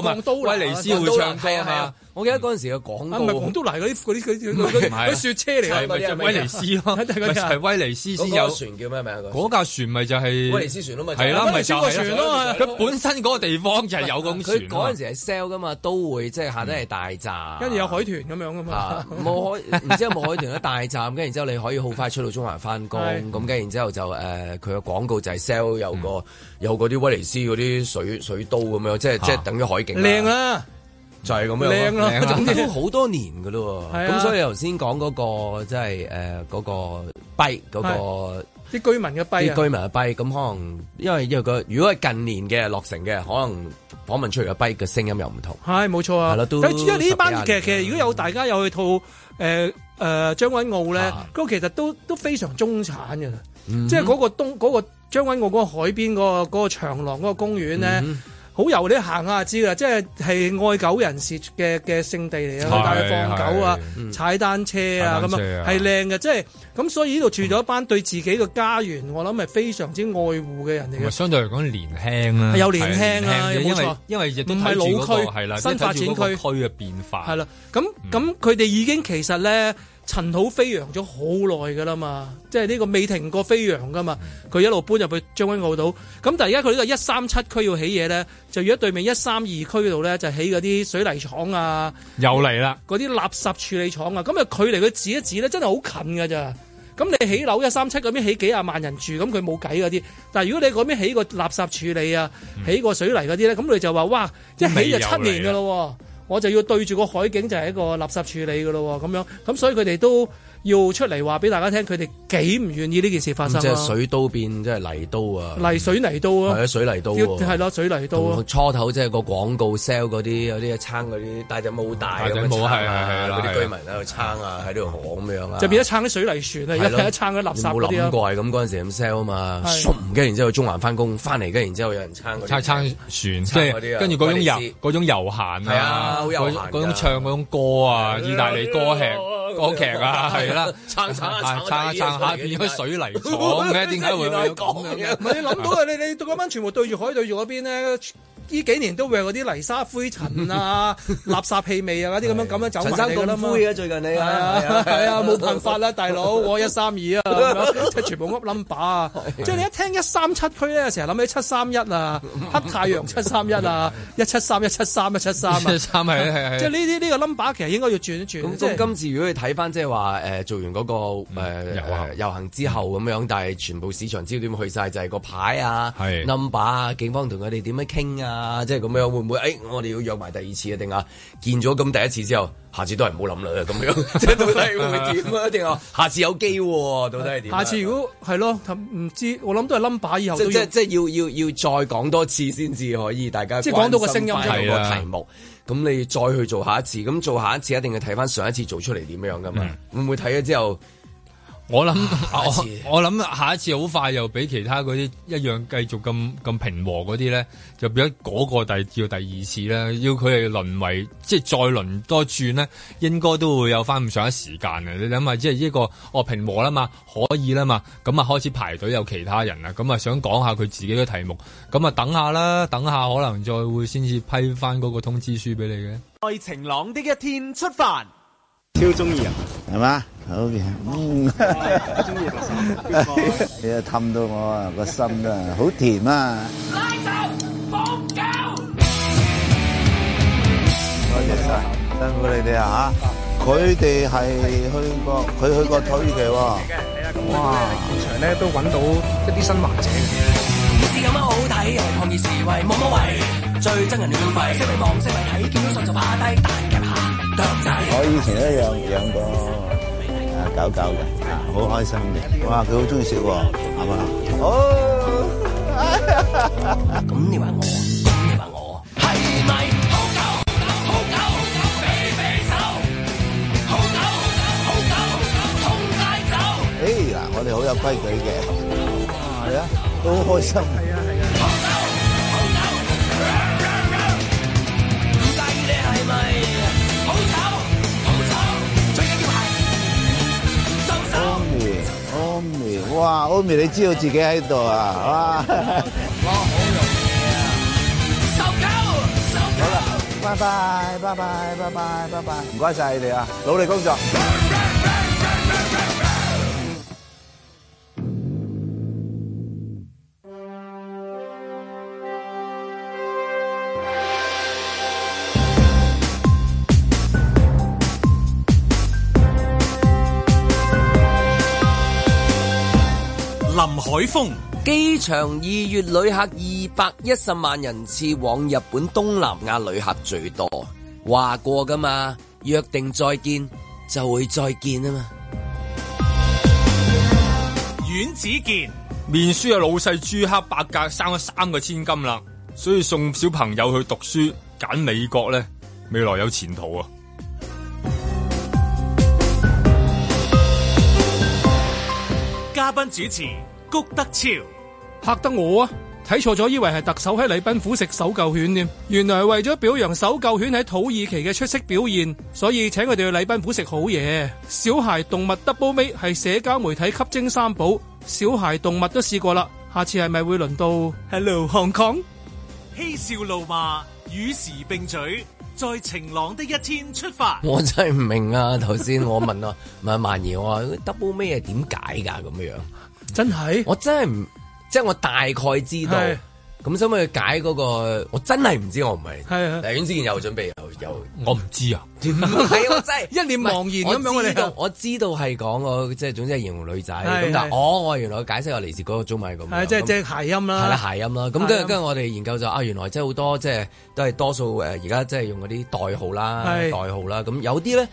嘛，威尼斯會唱歌啊嘛。我記得嗰陣時嘅廣告，啊唔係，都嚟嗰啲嗰啲嗰啲雪車嚟嘅，威尼斯咯，係威尼斯先有船叫咩名？嗰架船咪就係威尼斯船咯，嘛係啦，咪就係咯嘛。佢本身嗰個地方就係有咁船。佢嗰陣時係 sell 噶嘛，都會即係行得係大站，跟住有海豚咁樣啊嘛。冇海，然之後冇海豚喺大站，跟住之後你可以好快出到中環翻工。咁跟住之後就誒，佢嘅廣告就係 sell 有個有嗰啲威尼斯嗰啲水水刀咁樣，即係即係等於海景靚啦。就係咁樣靚咯，咁都好多年噶咯。咁所以頭先講嗰個即係誒嗰個 bite 嗰個啲居民嘅 bite，啲居民嘅 bite，咁可能因為因為個如果係近年嘅落成嘅，可能訪問出嚟嘅 bite 嘅聲音又唔同。係冇錯啊。係啦，都因為呢班其實其實如果有大家有去套誒誒將軍澳咧，嗰其實都都非常中產嘅，即係嗰個東嗰個將軍澳嗰個海邊嗰個嗰個長廊嗰個公園咧。好油你行下知噶，即係係愛狗人士嘅嘅聖地嚟啊！帶佢放狗啊，踩單車啊咁樣，係靚嘅，即係咁。所以呢度住咗一班對自己嘅家園，我諗係非常之愛護嘅人嚟嘅。相對嚟講年輕啊，有年輕啊，冇錯。因為唔係老區，新發展區區嘅變化。係啦，咁咁佢哋已經其實咧。塵土飛揚咗好耐㗎啦嘛，即係呢個未停過飛揚㗎嘛。佢一路搬入去將軍澳島，咁但係而家佢呢個一三七區要起嘢咧，就如果對面一三二區度咧，就起嗰啲水泥廠啊，又嚟啦。嗰啲垃圾處理廠啊，咁啊距離佢指一指咧，真係好近㗎咋。咁你起樓一三七嗰邊起幾廿萬人住，咁佢冇計嗰啲。但係如果你嗰邊起個垃圾處理啊，起個水泥嗰啲咧，咁佢、嗯、就話哇，一起就七年㗎咯。我就要對住個海景就係一個垃圾處理嘅咯咁樣，咁所以佢哋都要出嚟話俾大家聽，佢哋幾唔願意呢件事發生。即係水都變，即係泥都啊！泥水泥都啊！係啊，水泥都要係咯，水泥都啊！初頭即係個廣告 sell 嗰啲，有啲撐嗰啲大隻帽大隻帽係係係嗰啲居民喺度撐啊，喺度行咁樣啊，就變咗撐啲水泥船啊，一撐啲垃圾嗰啲啊，冇諗過係咁嗰陣時咁 sell 啊嘛，跟住然之後中環翻工翻嚟，跟住然之後有人撐撐船，即係跟住嗰種遊嗰種遊閒啊！嗰種、啊、唱嗰種歌啊，意大利歌劇、 歌劇啊，係啦、啊，撐撐，撐，撐，撐下、撐撐下變咗水泥廠嘅，點解 會係咁嘅？唔係你諗到啊！ 你到你嗰班全部對住海對，對住嗰邊咧。呢幾年都會有啲泥沙灰塵啊、垃圾氣味啊嗰啲咁樣咁樣走埋嚟㗎啦，灰啊，最近你係啊，冇辦法啦，大佬我一三二啊，即全部噏 number 啊！即係你一聽一三七區咧，成日諗起七三一啊、黑太陽七三一啊、一七三、一七三、一七三啊！七三係即係呢啲呢個 number 其實應該要轉一轉。咁今次如果你睇翻即係話誒做完嗰個誒遊行之後咁樣，但係全部市場焦點去晒，就係個牌啊、number 啊、警方同佢哋點樣傾啊？啊，即係咁樣會唔會？誒、欸，我哋要約埋第二次一定啊，見咗咁第一次之後，下次都係唔好諗啦。咁樣，即 係到底會點啊？定啊，下次有機會，到底係點？下次如果係咯，唔知我諗都係 number 以後。即即即係要要要再講多次先至可以，大家即係講到個聲音，即係個題目。咁你再去做下一次，咁做下一次，一定要睇翻上一次做出嚟點樣噶嘛？唔、嗯啊、會睇咗之後？我諗次我諗下一次好快又俾其他嗰啲一樣繼續咁咁平和嗰啲咧，就變咗嗰個第叫第二次啦。要佢哋輪為即係再輪多轉咧，應該都會有翻咁上下時間嘅。你諗下，即係呢、這個哦，平和啦嘛，可以啦嘛，咁啊開始排隊有其他人啦，咁啊想講下佢自己嘅題目，咁啊等下啦，等下可能再會先至批翻嗰個通知書俾你嘅。在晴朗的一天出發，超中意啊，係嘛？好嘅，嗯，中意個心，佢啊氹到我啊個心啊，好甜啊！來到，放狗！多謝晒，辛苦你哋啊吓！佢哋係去過，佢去過土耳其喎。哇！現場咧都揾到一啲新患者嘅。故事有乜好睇？又係抗議示威冇乜謂？最憎人亂吠，識被望識被睇，見到信就趴低，蛋夾下腳仔。我以前一樣養養過。狗狗嘅，好開心嘅。哇，佢好中意食喎，係嘛？哦，咁你話我啊？你話我係咪好狗？好狗？好狗？畀畀手，好狗？好狗？好狗？好狗？衝街走。誒嗱，我哋好有規矩嘅，係啊，都好開心。哇，Omi，你知道自己喺度啊，係嘛？我好容易啊，十九，好啦，拜拜，拜拜，拜拜，拜拜，唔該晒你哋啊，努力工作。海風機場二月旅客二百一十萬人次，往日本東南亞旅客最多。話過噶嘛，約定再見就會再見啊嘛。阮子健，面書嘅老細朱克伯格生咗三,三個千金啦，所以送小朋友去讀書，揀美國咧，未來有前途啊！嘉賓主持。谷德潮，嚇得我啊！睇錯咗，以為係特首喺禮賓府食搜救犬添，原來係為咗表揚搜救犬喺土耳其嘅出色表現，所以請佢哋去禮賓府食好嘢。小孩動物 double 咩係社交媒體吸睛三寶，小孩動物都試過啦，下次係咪會輪到 Hello Hong Kong？嬉笑怒罵與時並舉，在晴朗的一天出發。我真係唔明啊！頭先我問啊，問萬瑤話 double 咩係點解噶咁樣？真係，我真係唔，即係我大概知道。咁所以咪去解嗰個，我真係唔知，我唔係。係啊。黎婉詩又準備又又，我唔知啊。係啊，真係一臉茫然咁樣。我知道，我知道係講個，即係總之係形容女仔咁啊。哦，我原來解釋我嚟自嗰個中文咁。係即係即係諧音啦。係啦，諧音啦。咁跟跟住，我哋研究就啊，原來即係好多，即係都係多數誒，而家即係用嗰啲代號啦，代號啦。咁有啲咧。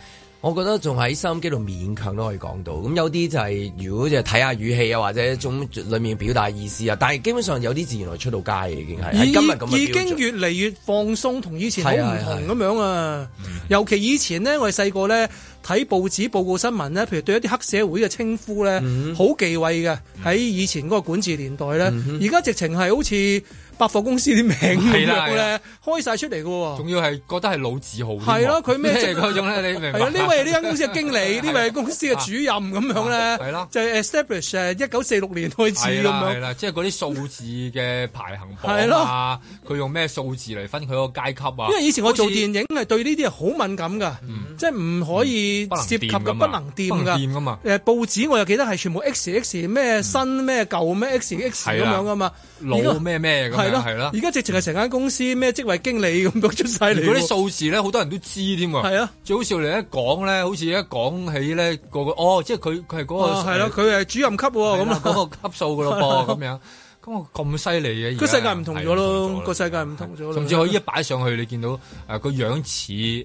我覺得仲喺收音機度勉強都可以講到，咁有啲就係、是、如果就睇下語氣啊，或者一種裡面表達意思啊。但係基本上有啲自然來出到街嘅，已經係今日咁嘅標準。已經越嚟越放鬆，同以前好唔同咁、啊啊、樣啊。是啊尤其以前呢，我哋細個呢，睇報紙報告新聞呢，譬如對一啲黑社會嘅稱呼呢，好、嗯嗯、忌諱嘅。喺以前嗰個管治年代呢，而家、嗯嗯嗯、直情係好似。百貨公司啲名咁樣咧，開晒出嚟嘅喎。仲要係覺得係老字號。係咯，佢咩職嗰種咧？你明唔明？呢位呢間公司嘅經理，呢位公司嘅主任咁樣咧。係咯，就 establish 一九四六年開始咁樣。即係嗰啲數字嘅排行榜啊，佢用咩數字嚟分佢個階級啊？因為以前我做電影係對呢啲係好敏感噶，即係唔可以涉及嘅，不能掂噶。不能掂噶嘛？誒，報紙我又記得係全部 X X 咩新咩舊咩 X X 咁樣噶嘛，羅咩咩。係咯，而家了直情係成間公司咩職、嗯、位經理咁樣出晒嚟，嗰啲數字咧好多人都知添喎。係啊了，最好笑嚟，一講咧，好似一講起咧，個個哦，即係佢佢係嗰個係咯，佢係、啊啊、主任級咁啊，嗰了、嗰個級數噶咯噃，咁 了樣。咁犀利嘅，個世界唔同咗咯，個世界唔同咗，甚至可以一擺上去，你見到誒個樣似誒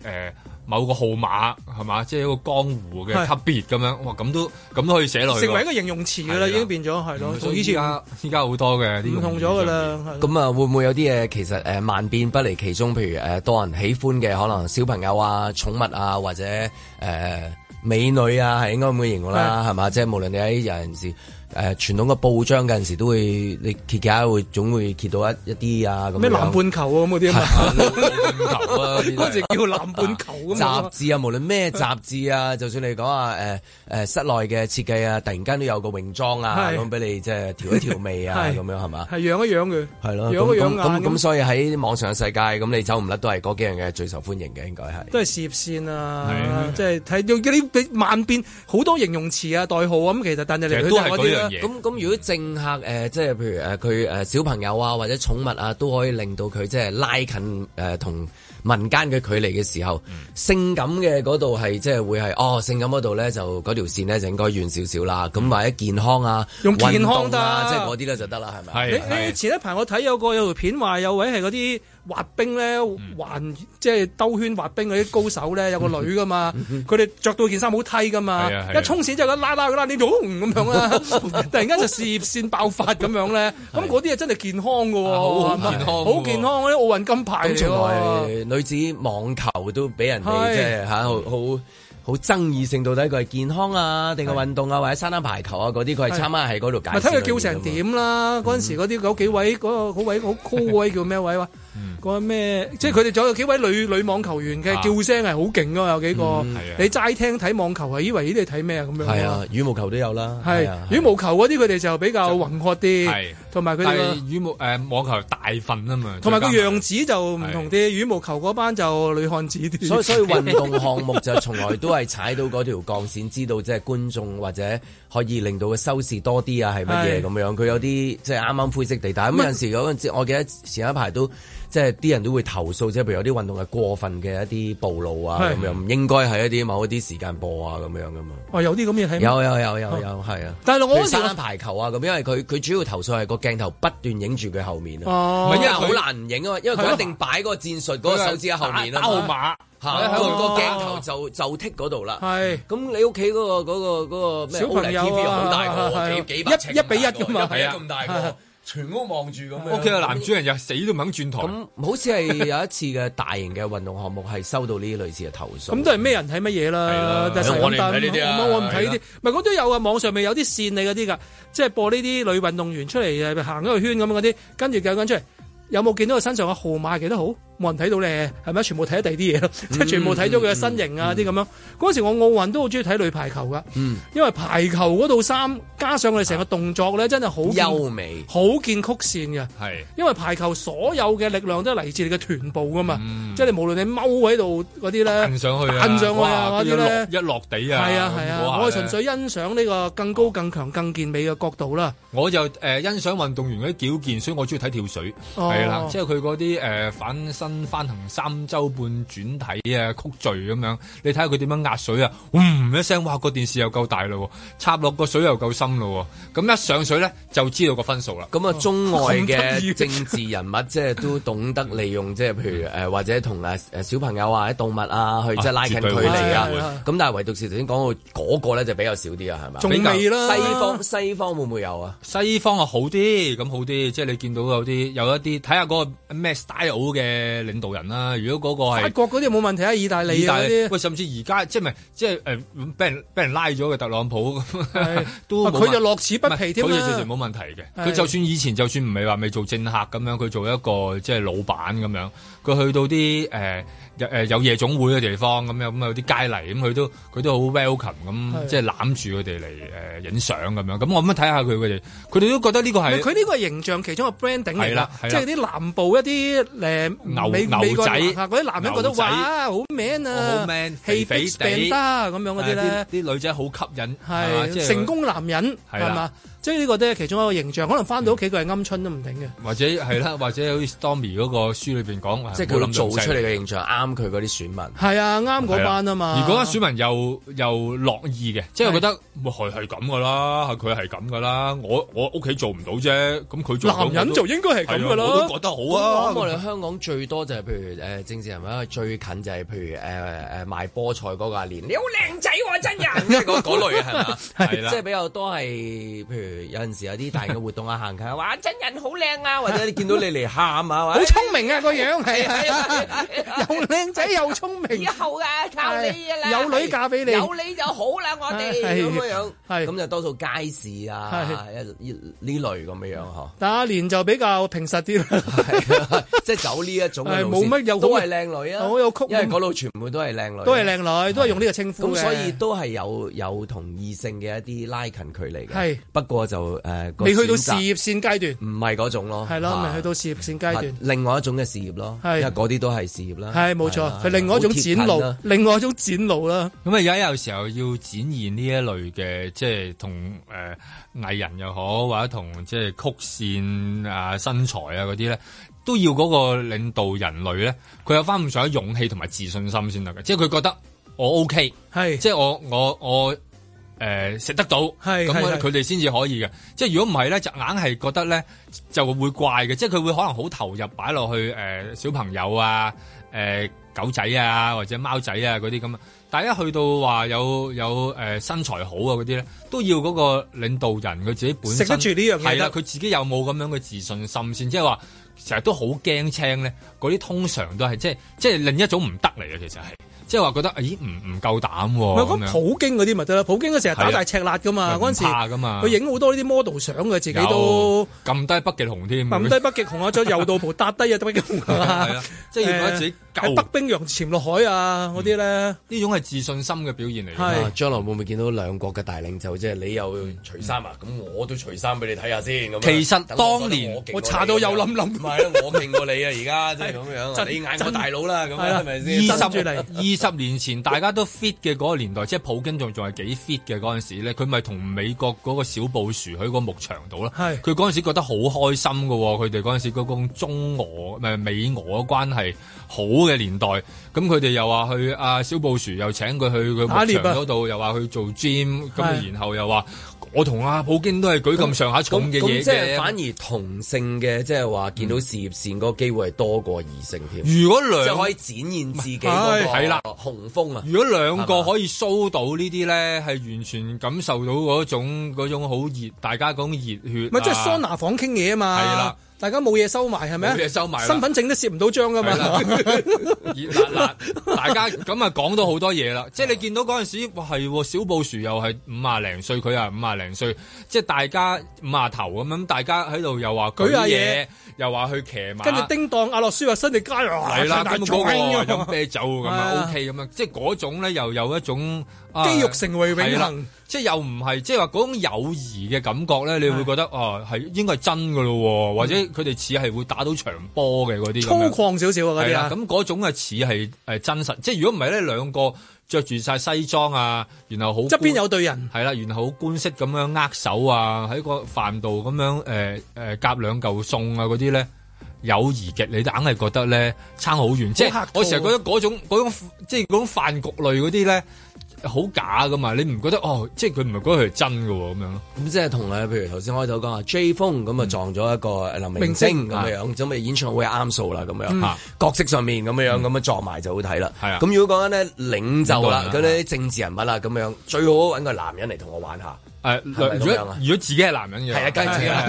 某個號碼係嘛，即係一個江湖嘅級別咁樣，哇咁都咁都可以寫落去，成為一個形容詞㗎啦，已經變咗係咯，同以前依家依家好多嘅唔同咗㗎啦。咁啊會唔會有啲嘢其實誒萬變不離其宗，譬如誒多人喜歡嘅可能小朋友啊、寵物啊或者誒美女啊，係應該唔會形容啦，係嘛？即係無論你喺人事。誒，傳統嘅報章嗰陣時都會，你揭下會總會揭到一一啲啊，咩藍半球啊咁嗰啲啊，藍 半球只叫藍半球啊。雜誌啊，無論咩雜誌啊， 就算你講啊，誒、呃、誒，室內嘅設計啊，突然間都有個泳裝啊，咁俾是你即係調一調味 啦啊，咁樣係嘛？係養一養佢、啊，係咯，養一養眼，咁咁所以喺網上嘅世界，咁你走唔甩都係嗰幾樣嘅最受歡迎嘅，應該係都係事業線啊，即係睇到啲萬變好多形容詞啊、代號啊，咁其實但係其實都係咁咁，如果政客誒，即、呃、係譬如誒，佢誒小朋友啊，或者寵物啊，都可以令到佢即係拉近誒同、呃、民間嘅距離嘅時候，嗯、性感嘅嗰度係即係會係哦，性感嗰度咧就嗰條線咧就應該遠少少啦。咁、嗯、或者健康啊，用健康得、啊，啊、即係嗰啲咧就得啦，係咪、嗯？吧你你，吧你，你前一排我睇有個有條片話有位係嗰啲。滑冰咧，環即係兜圈滑冰嗰啲高手咧，有個女噶嘛，佢哋着到件衫好梯噶嘛，一衝刺之後咧拉拉拉啲羽毛咁樣啦！突然間就事業線爆發咁樣咧，咁嗰啲嘢真係健康噶，好健康，好健康嗰啲奧運金牌。咁女子網球都俾人哋即係吓，好好好爭議性，到底佢係健康啊，定係運動啊，或者沙灘排球啊嗰啲，佢係參加喺嗰度解釋。睇佢叫成點啦，嗰陣時嗰啲嗰幾位嗰個好位好 c 位叫咩位？嗰個咩？即係佢哋仲有幾位女女網球員嘅叫聲係好勁啊！有幾個，你齋聽睇網球係以為呢啲睇咩啊？咁樣。係啊，羽毛球都有啦。係羽毛球嗰啲佢哋就比較渾厚啲，同埋佢哋羽毛球誒網球大份啊嘛。同埋個樣子就唔同啲羽毛球嗰班就女漢子啲。所以所以運動項目就從來都係踩到嗰條鋼線，知道即係觀眾或者可以令到嘅收視多啲啊，係乜嘢咁樣？佢有啲即係啱啱灰色地帶。咁有時有陣時，我記得前一排都。即係啲人都會投訴，即係譬如有啲運動係過分嘅一啲暴露啊，咁樣唔應該係一啲某一啲時間播啊，咁樣噶嘛。哇！有啲咁嘢睇。有有有有有係啊！譬如沙灘排球啊咁，因為佢佢主要投訴係個鏡頭不斷影住佢後面啊。哦。因為好難唔影啊，因為佢一定擺嗰個戰術嗰個手指喺後面啦。打碼。嚇！個鏡頭就就剔嗰度啦。係。咁你屋企嗰個嗰個嗰個咩？小朋友。好大個，幾幾百尺。一比一咁嘛。係啊！咁大個。全屋望住咁。屋企個男主人又死都唔肯轉台。咁 好似係有一次嘅大型嘅運動項目係收到呢啲類似嘅投訴。咁 都係咩人睇乜嘢啦？但啦我唔睇呢啲，唔係的都有啊。網上面有啲線你嗰啲噶，即係播呢啲女運動員出嚟行咗個圈咁嗰啲，跟住叫緊出嚟，有冇見到佢身上嘅號碼係幾多號？冇人睇到你係咪全部睇咗第二啲嘢咯，即係全部睇咗佢嘅身形啊啲咁樣。嗰時我奧運都好中意睇女排球噶，因為排球嗰套衫加上佢哋成個動作咧，真係好優美，好見曲線嘅。係，因為排球所有嘅力量都係嚟自你嘅臀部㗎嘛，即係你無論你踎喺度嗰啲咧，蹬上去啊，蹬上去啊嗰啲咧，一落地啊，係啊係啊，我係純粹欣賞呢個更高、更強、更健美嘅角度啦。我就誒欣賞運動員嗰啲矯健，所以我中意睇跳水係啦，即係佢嗰啲誒反身。翻行三周半轉體啊，曲序咁樣，你睇下佢點樣壓水啊？嗯一聲，哇個電視又夠大嘞，插落個水又夠深嘞，咁、嗯、一上水咧就知道個分數啦。咁啊、哦，中外嘅政治人物即係、哦、 都懂得利用，即係譬如誒、呃、或者同誒誒小朋友啊、啲動物啊去即係拉近距離啊。咁但係唯獨是頭先講到嗰個咧就比較少啲啊，係咪？仲未啦？西方，會會西，方西方會唔會有啊？西方啊好啲，咁好啲，即、就、係、是、你見到有啲有一啲睇下嗰個咩 style 嘅。領導人啦，如果嗰個係，法國嗰啲冇問題啊，意大利嗰啲，喂，甚至而家即係咪，即係誒，俾、呃、人俾人拉咗嘅特朗普咁， 都佢就樂此不疲添是啊，佢完全冇問題嘅，佢的就算以前就算唔係話未做政客咁樣，佢做一個即係老闆咁樣，佢去到啲誒。呃有有夜總會嘅地方，咁樣咁有啲佳麗，咁佢都佢都好 welcome 咁，即係攬住佢哋嚟誒影相咁樣，咁我咁樣睇下佢，佢哋佢哋都覺得呢個係佢呢個形象其中一個 branding 頂嘅係啦，即係啲南部一啲誒美國牛仔嗰啲男人覺得哇好 man 啊，好 man，heavy spender 咁樣嗰啲咧啲女仔好吸引成功男人係嘛，即係呢個都係其中一個形象，可能翻到屋企佢係鵪鶉都唔定嘅，或者係啦，或者好似 Stormy 嗰個書裏邊講即係佢諗做出嚟嘅形象。啱佢嗰啲選民係啊，啱嗰班啊嘛。而嗰班選民又又樂意嘅，即係覺得，佢係咁噶啦，佢係咁噶啦，我我屋企做唔到啫，咁佢做。男人就應該係咁噶啦、啊嗯，我都覺得好啊。嗯、我哋香港最多就係譬如誒，政治人物最近就係譬如誒誒、呃、賣菠菜嗰個年。你好靚仔喎，真人嗰嗰 類係嘛，即係、啊、比較多係，譬如有陣時有啲大型嘅活動啊，行近話真人好靚啊，或者見你見到你嚟，喊啊，好聰 喂明啊個樣係。靚仔又聰明，以後啊靠你啊，有女嫁俾你，有你就好啦。我哋咁樣樣，係咁就多數街市啊，呢呢類咁樣樣嗬。打年就比較平實啲啦，即係走呢一種，冇乜又都係靚女啊，好有曲，因為嗰度全部都係靚女，都係靚女，都係用呢個稱呼。咁所以都係有有同異性嘅一啲拉近距離嘅。係不過就誒，未去到事業線階段，唔係嗰種咯，係咯，未去到事業線階段。另外一種嘅事業咯，因為嗰啲都係事業啦。冇錯，係、啊、另外一種展露，啊、另外一種展露啦。咁啊，而家有時候要展現呢一類嘅，即係同誒藝人又好，或者同即係曲線啊、身材啊嗰啲咧，都要嗰個領導人類咧，佢有翻唔上勇氣同埋自信心先得嘅。即係佢覺得我 OK，係是，即係我我我誒食、呃、得到，係咁佢哋先至可以嘅。即係如果唔係咧，就硬係覺得咧就會怪嘅。即係佢會可能好投入擺落去誒、呃、小朋友啊。誒、呃、狗仔啊，或者貓仔啊，嗰啲咁啊，但係一去到話有有誒、呃、身材好啊嗰啲咧，都要嗰個領導人佢自己本身食得住呢樣嘢，係啦，佢自己有冇咁樣嘅自信心先，即係話成日都好驚青咧，嗰啲通常都係即即係另一種唔得嚟嘅，其實係。即係話覺得，咦，唔唔夠膽喎、喔。唔係講這樣 普京嗰啲咪得啦？普京嗰時係打大赤蠟㗎嘛，嗰陣時㗎嘛！佢影好多呢啲 model 相嘅自己都撳低北極熊添，撳低北極熊啊，著柔道袍搭低啊北極熊，係啊， 對 即係而家自己。喺北冰洋潛落海啊！嗰啲咧，呢種係自信心嘅表現嚟。係將來會唔會見到兩國嘅大領袖，即係你又除衫啊，咁我都除衫俾你睇下先。咁其實當年我查到有諗諗，唔係啊，我勁過你啊！而家即係咁樣，你嗌我大佬啦，咁係咪先？二十年前大家都 fit 嘅嗰個年代，即係普京仲仲係幾 fit 嘅嗰陣時咧，佢咪同美國嗰個小布殊喺個牧場度啦。佢嗰陣時覺得好開心嘅喎，佢哋嗰陣時嗰個中俄咪美俄關係好。嘅年代，咁佢哋又話去阿小、啊、布殊又請佢去佢牧場嗰度，啊、又話去做 gym，咁、啊、然後又話我同阿、啊、普京都係舉咁上下重嘅嘢咁即係反而同性嘅，即係話見到事業線嗰個機會係多過異性添、嗯。如果兩就可以展現自己嗰個雄風啊！如果兩個可以 show 到呢啲咧，係完全感受到嗰種的種好熱，大家講熱血、啊。咪即係桑拿房傾嘢啊嘛！的大家冇嘢收埋係咪？冇嘢收埋，身份證都攝唔到章㗎嘛。熱辣辣啦， 大家咁啊講到好多嘢啦， 即係你見到嗰陣時，係小布殊又係五啊零歲，佢又五啊零歲，即係大家五啊頭咁樣，大家喺度又話舉，舉下嘢，又話去騎馬，跟住叮噹阿洛書話新地加油，係啦，跟住嗰個飲啤酒咁啊 呀，OK 咁啊，即係嗰種咧又有一種肌肉成為永恆。 即係又唔係，即係話嗰種友誼嘅感覺咧，你會覺得是啊，係應該係真嘅咯，或者佢哋似係會打到場波嘅嗰啲粗獷少少嗰啲。係咁嗰種係似係誒真實。即係如果唔係咧，兩個着住晒西裝啊，然後好側邊有對人係啦，然後好官式咁樣握手啊，喺個飯度咁樣誒誒、呃呃、夾兩嚿餸啊嗰啲咧，友誼嘅你硬係覺得咧差好遠。即係我成日覺得嗰種嗰種即係嗰種飯局類嗰啲咧。好假噶嘛？你唔覺得哦？即係佢唔係覺得佢係真噶喎、哦？咁樣咁即係同你，譬如頭先開頭講啊，J 風咁啊撞咗一個誒，林明星咁星、啊、樣準備演唱會啱數啦，咁樣、啊、角色上面咁樣、嗯、樣咁樣撞埋就好睇啦。係啊，咁如果講緊領袖啦，嗰啲、啊、政治人物啦、啊，咁樣最好揾個男人嚟同我玩下。係，如果如果自己係男人嘅，係啊，跟住係啦，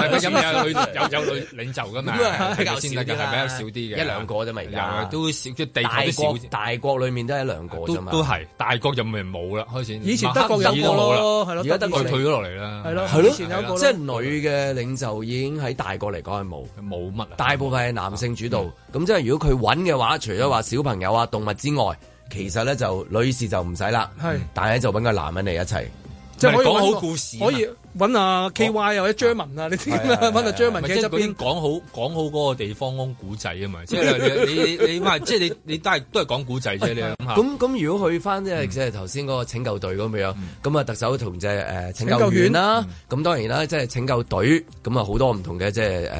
係啦，有有女領袖噶嘛，比較少嘅，係比較少啲嘅，一兩個啫嘛，而家都少啲，即係大國，大國裏面都係一兩個啫嘛，都都係，大國就咪冇啦，開始。以前德國有個咯，係咯，而家德國退咗落嚟啦，係咯，係咯，即係女嘅領袖已經喺大國嚟講係冇，冇乜，大部分係男性主導。咁即係如果佢揾嘅話，除咗話小朋友啊、動物之外，其實咧就女士就唔使啦，係，但係就揾個男人嚟一齊。即係講好故事。以揾阿 K Y 又或者 Jerman 啊，你知唔知？揾阿 Jerman，其實邊講好講好嗰個地方安古仔啊嘛，即係你你你即係你你都係都係講古仔啫，你咁咁如果去翻即係即係頭先嗰個拯救隊咁樣，咁啊特首同即係誒拯救員啦，咁當然啦，即係拯救隊咁啊好多唔同嘅即係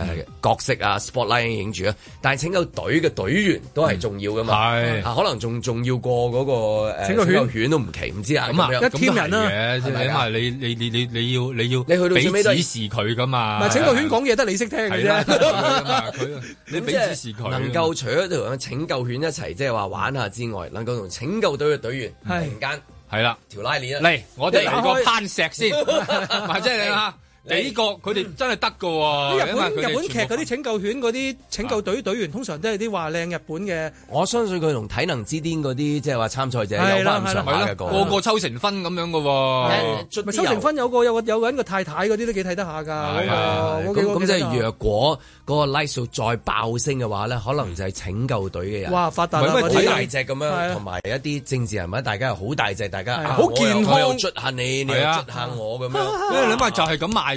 誒角色啊 spotlight 影住啊，但係拯救隊嘅隊員都係重要噶嘛，可能仲重要過嗰個拯救犬都唔奇，唔知啊，咁啊一 team 人啦，睇下你你你你你要你。你去到最尾都俾指示佢㗎嘛？唔係是拯救犬講嘢得你識聽嘅啫、啊。佢你俾指示佢，能夠除咗同拯救犬一齊即係話玩下之外，能夠同拯救隊嘅隊員係間係啦條拉鏈啦、啊。嚟我哋嚟個攀石先，唔係即係你嚇。美國佢哋真係得㗎喎，日本日本劇嗰啲拯救犬嗰啲拯救隊隊員通常都係啲話靚日本嘅。我相信佢同體能之巔嗰啲即係話參賽者有關係嘅，個個抽成分咁樣嘅喎，抽成分有個有個有搵個太太嗰啲都幾睇得下㗎。咁即係若果嗰個 likes 數再爆升嘅話咧，可能就係拯救隊嘅人。哇！發達到好大隻咁樣，同埋一啲政治人物，大家又好大隻，大家好健康，我又出下你，你又出下我咁樣。諗下就係咁賣。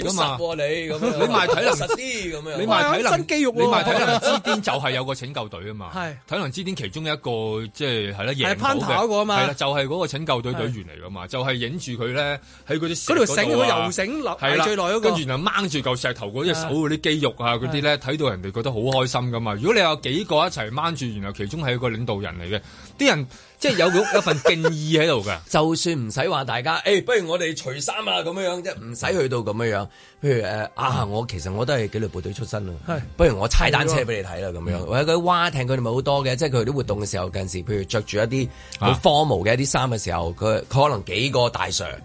咁你咁你賣體能實啲咁樣，你賣體能肌肉，你賣體能之巔就係有個拯救隊啊嘛！係體能之巔其中一個，即係係啦，野狗嘅。係啦，就係嗰個拯救隊隊員嚟噶嘛，就係影住佢咧喺嗰啲。嗰條繩，嗰條遊繩係啦最耐嗰個。跟住就掹住嚿石頭嗰隻手嗰啲肌肉啊嗰啲咧，睇到人哋覺得好開心噶嘛！如果你有幾個一齊掹住，然後其中係一個領導人嚟嘅，啲人，即係有一份敬意喺度嘅，就算唔使話大家，誒，不如我哋除衫啊咁樣樣即係，唔使去到咁樣樣。譬如誒啊，我其實我都係紀律部隊出身啊，不如我踩單車俾你睇啦咁樣，或者佢啲蛙艇佢哋咪好多嘅，即係佢哋啲活動嘅時候，近時譬如着住一啲好荒謬嘅一啲衫嘅時候，佢可能幾個大 Sir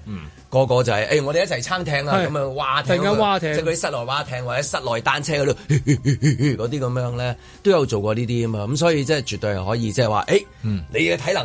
個個就係我哋一齊撐艇啊咁啊，蛙艇，即係嗰啲室內蛙艇或者室內單車嗰度，嗰啲咁樣咧都有做過呢啲啊嘛，咁所以即係絕對係可以即係話，誒，你嘅體能。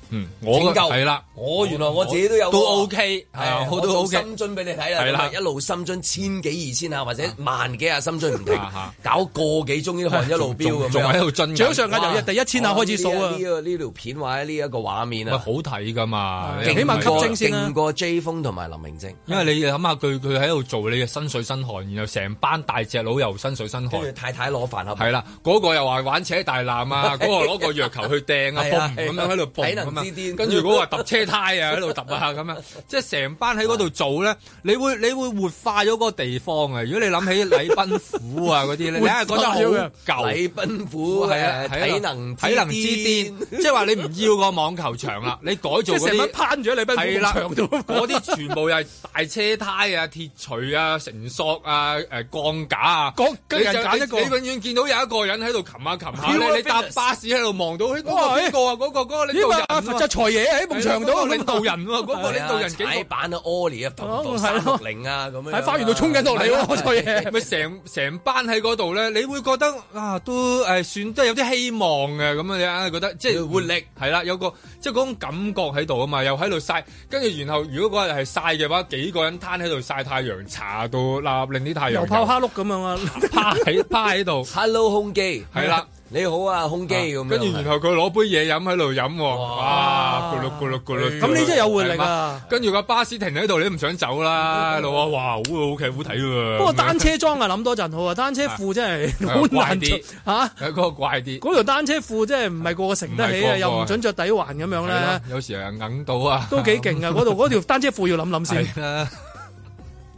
我拯救係啦，我原來我自己都有都 OK，係啊，我都 OK。深蹲俾你睇啦，係啦，一路深蹲千幾二千下，或者萬幾啊深蹲唔停，吓搞個幾鐘先混一路標咁仲喺度爭，獎上架由第一千下開始數啊！呢個呢條片位呢一個畫面好睇噶嘛，起碼吸睛先啦，J 峰同埋林明晶，因為你諗下佢佢喺度做，你嘅身水身汗，然後成班大隻佬又身水身汗，太太攞飯盒，係啦，嗰個又話玩扯大纜啊，嗰個攞個藥球去掟啊 boom 咁樣喺度 b 跟住如果話揼車胎啊喺度揼啊咁樣，即係成班喺嗰度做咧，你會你會活化咗嗰個地方嘅。如果你諗起禮賓府啊嗰啲咧，你係覺得好舊。禮賓府係啊，體能體能之巔，即係話你唔要個網球場啦，你改造嗰啲。即係成日攀住喺禮賓府場度。嗰啲全部又係大車胎啊、鐵錘啊、繩索啊、誒鋼架啊。鋼跟住揀一個。你永遠見到有一個人喺度擒下擒下咧，你搭巴士喺度望到。嗰個邊個啊？嗰個嗰個你度入。就財爺喺埲牆度領導人喎，嗰個領導人幾個版啊，Oly 喺度度零啊咁樣喺花園度衝緊落嚟喎，財爺咪成成班喺嗰度咧，你會覺得啊都誒算都係有啲希望嘅咁樣，你覺得即係活力係啦，有個即係嗰種感覺喺度啊嘛，又喺度晒。跟住然後如果嗰日係晒嘅話，幾個人攤喺度曬太陽，查到立令啲太陽，趴趴碌咁樣啊，趴喺趴喺度，Hello 空機係啦。你好啊，空機咁。跟住，然後佢攞杯嘢飲喺度飲，哇，咕嚕咕嚕咕嚕。咁你真係有活力啊！跟住個巴士停喺度，你唔想走啦，老啊！哇，好啊，好勁，好睇啊！不過單車裝啊，諗多陣好啊，單車褲真係好難跌吓。係嗰個怪啲，嗰條單車褲真係唔係個個承得起啊，又唔准着底環咁樣咧。有時啊，硬到啊，都幾勁啊！嗰度嗰條單車褲要諗諗先啦。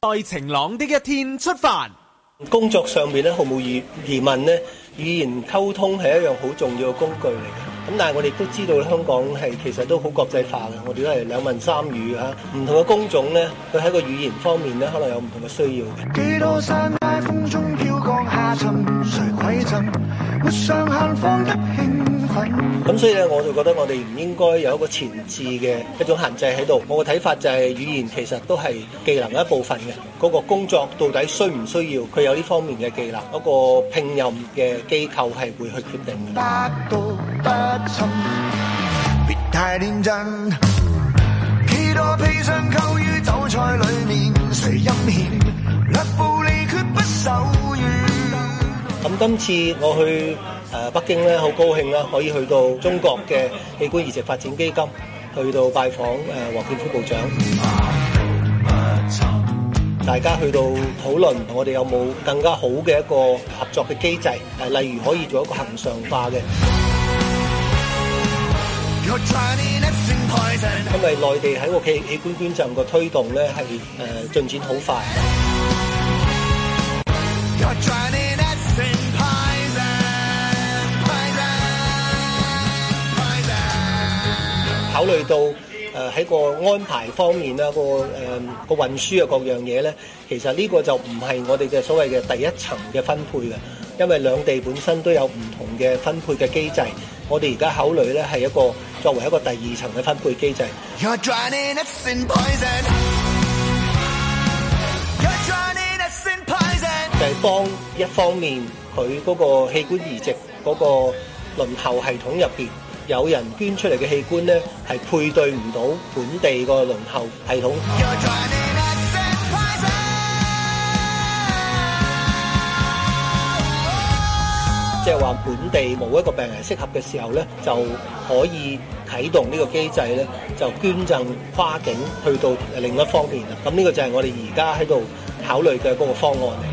在晴朗的一天出發，工作上面咧毫無疑疑問咧。語言溝通係一樣好重要嘅工具嚟嘅，咁但係我哋都知道香港係其實都好國際化嘅，我哋都係兩文三語嚇，唔同嘅工種咧，佢喺個語言方面咧，可能有唔同嘅需要嘅。咁所以咧，我就覺得我哋唔應該有一個前置嘅一種限制喺度。我嘅睇法就係、是、語言其實都係技能一部分嘅。嗰、那個工作到底需唔需要佢有呢方面嘅技能，一、那個聘任嘅機構係會去決定嘅。咁今次我去。誒北京咧好高興啦，可以去到中國嘅器官移植發展基金，去到拜訪誒黃潔夫副部長，大家去到討論我哋有冇更加好嘅一個合作嘅機制，誒例如可以做一個恆常化嘅。因為內地喺屋企器官捐贈嘅推動咧係誒進展好快。考慮到誒喺個安排方面啦，個誒個運輸啊各樣嘢咧，其實呢個就唔係我哋嘅所謂嘅第一層嘅分配嘅，因為兩地本身都有唔同嘅分配嘅機制。我哋而家考慮咧係一個作為一個第二層嘅分配機制。就係幫一方面，佢嗰個器官移植嗰個輪候系統入邊，有人捐出嚟嘅器官咧，係配對唔到本地個輪候系統，oh! 即係話本地冇一個病人適合嘅時候咧，就可以啟動呢個機制咧，就捐贈跨境去到另一方面啦。咁呢個就係我哋而家喺度考慮嘅個方案嚟。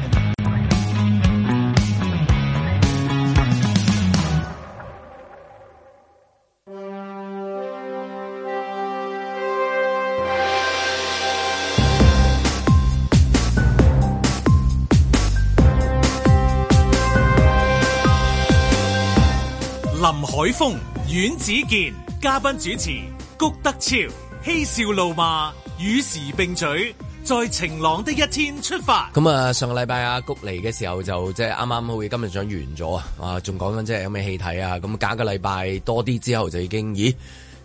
海峰、阮子健嘉賓主持，谷德超嬉笑怒罵，與時並舉，在晴朗的一天出發。咁啊，上個禮拜啊，谷嚟嘅時候就即係啱啱，好似今日想完咗啊，啊仲講緊即係有咩戲睇啊，咁隔個禮拜多啲之後就已經，咦？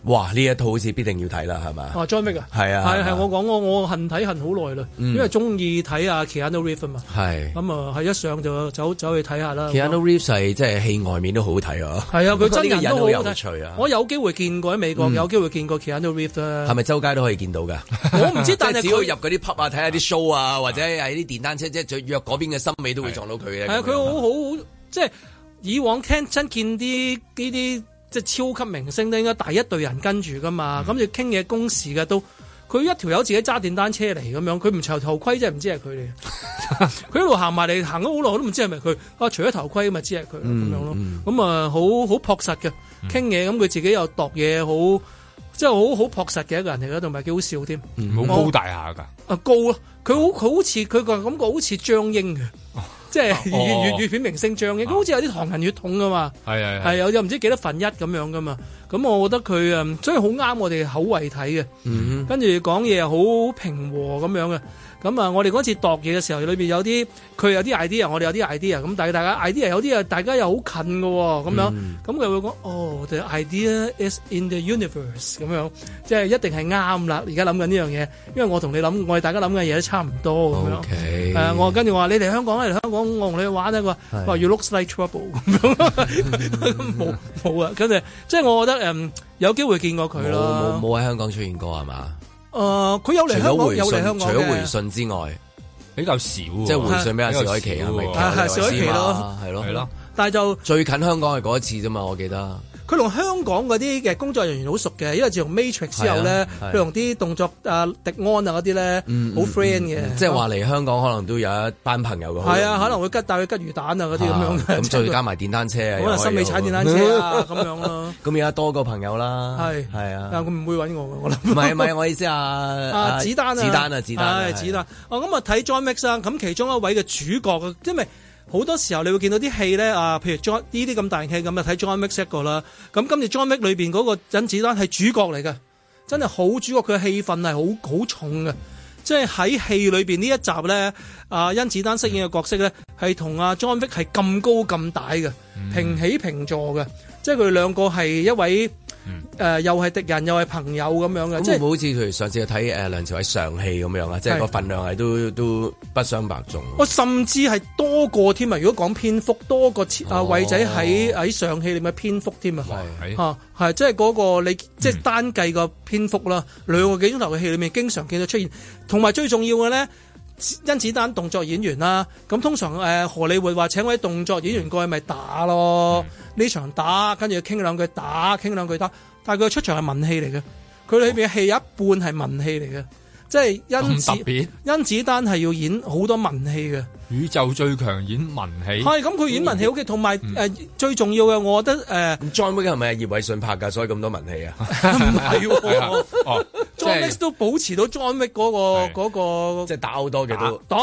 哇！呢一套好似必定要睇啦，係嘛？啊，John Wick 啊，係啊，我講我恨睇恨好耐啦，因為中意睇啊《Keanu Reeves》嘛。係咁啊，係一上就走走去睇下啦。Keanu Reeves 係即係戲外面都好睇啊！係啊，佢真人都好有趣啊！我有機會見過喺美國，有機會見過 Keanu Reeves。係咪周街都可以見到㗎？我唔知，但係只要入嗰啲 pub 啊，睇下啲 show 啊，或者喺啲電單車即係約嗰邊嘅森美都會撞到佢嘅。係啊，佢好好即係以往聽親見啲呢啲。即係超級明星都應該帶一隊人跟住噶嘛，咁要傾嘢公事嘅都，佢一條友自己揸電單車嚟咁樣，佢唔除頭盔真係唔知係佢嚟，佢 一路行埋嚟，行咗好耐我都唔知係咪佢，啊除咗頭盔咪知係佢咁樣咯，咁、嗯、啊、嗯嗯、好好，好朴實嘅，傾嘢咁佢自己又度嘢，好即係好好朴實嘅一個人嚟嘅，同埋幾好笑添，好高、嗯嗯、大下㗎，啊高啊，佢、啊啊啊啊啊、好好似佢個感覺好似張英。啊即係粵語片明星仗嘅，咁好似有啲唐人血統噶嘛，係啊是，係啊，又唔知幾多份一咁樣噶嘛。咁我覺得佢啊，所以好啱我哋口胃睇嘅。跟住講嘢好平和咁樣嘅。咁啊，我哋嗰次度嘢嘅時候，裏邊有啲佢有啲 idea，我哋有啲 idea。咁但係大家 idea 有啲啊，大家又好近嘅咁樣。咁佢會講：哦、oh,，the idea is in the universe 咁樣，即係一定係啱啦。而家諗緊呢樣嘢，因為我同你諗，我哋大家諗嘅嘢都差唔多咁 Okay. 樣。我跟住我話：你嚟香港咧，嚟香港我同你玩咧。佢話：哇是，要 look s looks like trouble 咁樣，冇冇啊。跟住，即係我覺得。嗯、有機會見過佢啦，冇喺香港出現過係嘛？誒，佢、呃、有嚟香港，有嚟香港除咗回信之外，比較少，即係回信俾阿薛凱琪係咪？係薛凱琪咯，係咯係咯，但係就最近香港係嗰一次啫嘛，我記得。佢同香港嗰啲嘅工作人員好熟嘅，因為自從 Matrix 之後咧，佢同啲動作啊迪安啊嗰啲咧好 friend 嘅。即係話嚟香港可能都有一班朋友嘅。係啊，可能會吉帶佢吉魚蛋啊嗰啲咁樣嘅。咁再加埋電單車可能心理踩電單車咁樣咯。咁而家多個朋友啦。係係啊，但佢唔會揾我我諗。唔係唔係，我意思啊啊子丹啊子丹啊子丹啊子丹。哦咁啊，睇 John Wick 啦，咁其中一位嘅主角嘅，因為。好多時候你會見到啲戲咧啊，譬如 John 呢啲咁大戲咁啊，睇 John Wick 一個啦。咁今次 John Wick 裏邊嗰個甄子丹係主角嚟嘅，真係好主角，佢嘅戲份係好好重嘅。即係喺戲裏邊呢一集咧，啊甄子丹飾演嘅角色咧係同啊 John Wick 係咁高咁大嘅，平起平坐嘅。即係佢兩個係一位誒、嗯呃，又係敵人又係朋友咁樣嘅，嗯、即係好似佢上次睇誒梁朝偉上戲咁樣啊，是即係個份量係都是都不相伯仲，我、哦、甚至係多過添啊！如果講篇幅，多過阿偉仔喺喺上戲裏面篇幅添啊，係係，即係嗰、嗰個你即係單計個篇幅啦，兩、嗯、個幾鐘頭嘅戲裏面經常見到出現，同埋最重要嘅咧。甄子丹動作演員啦，咁通常誒荷里活會話請位動作演員過去咪打咯，呢、嗯、場打跟住傾兩句打，傾兩句打，但係佢出場係文戲嚟嘅，佢裏邊嘅戲有一半係文戲嚟嘅，即係甄子甄子丹係要演好多文戲嘅。宇宙最強演文戲，係咁佢演文戲 ok 同埋誒最重要嘅，我覺得誒，John Wick 係咪葉偉信拍噶？所以咁多文戲啊？係，John Wick 都保持到 John Wick 嗰個嗰個，即係打好多嘅都打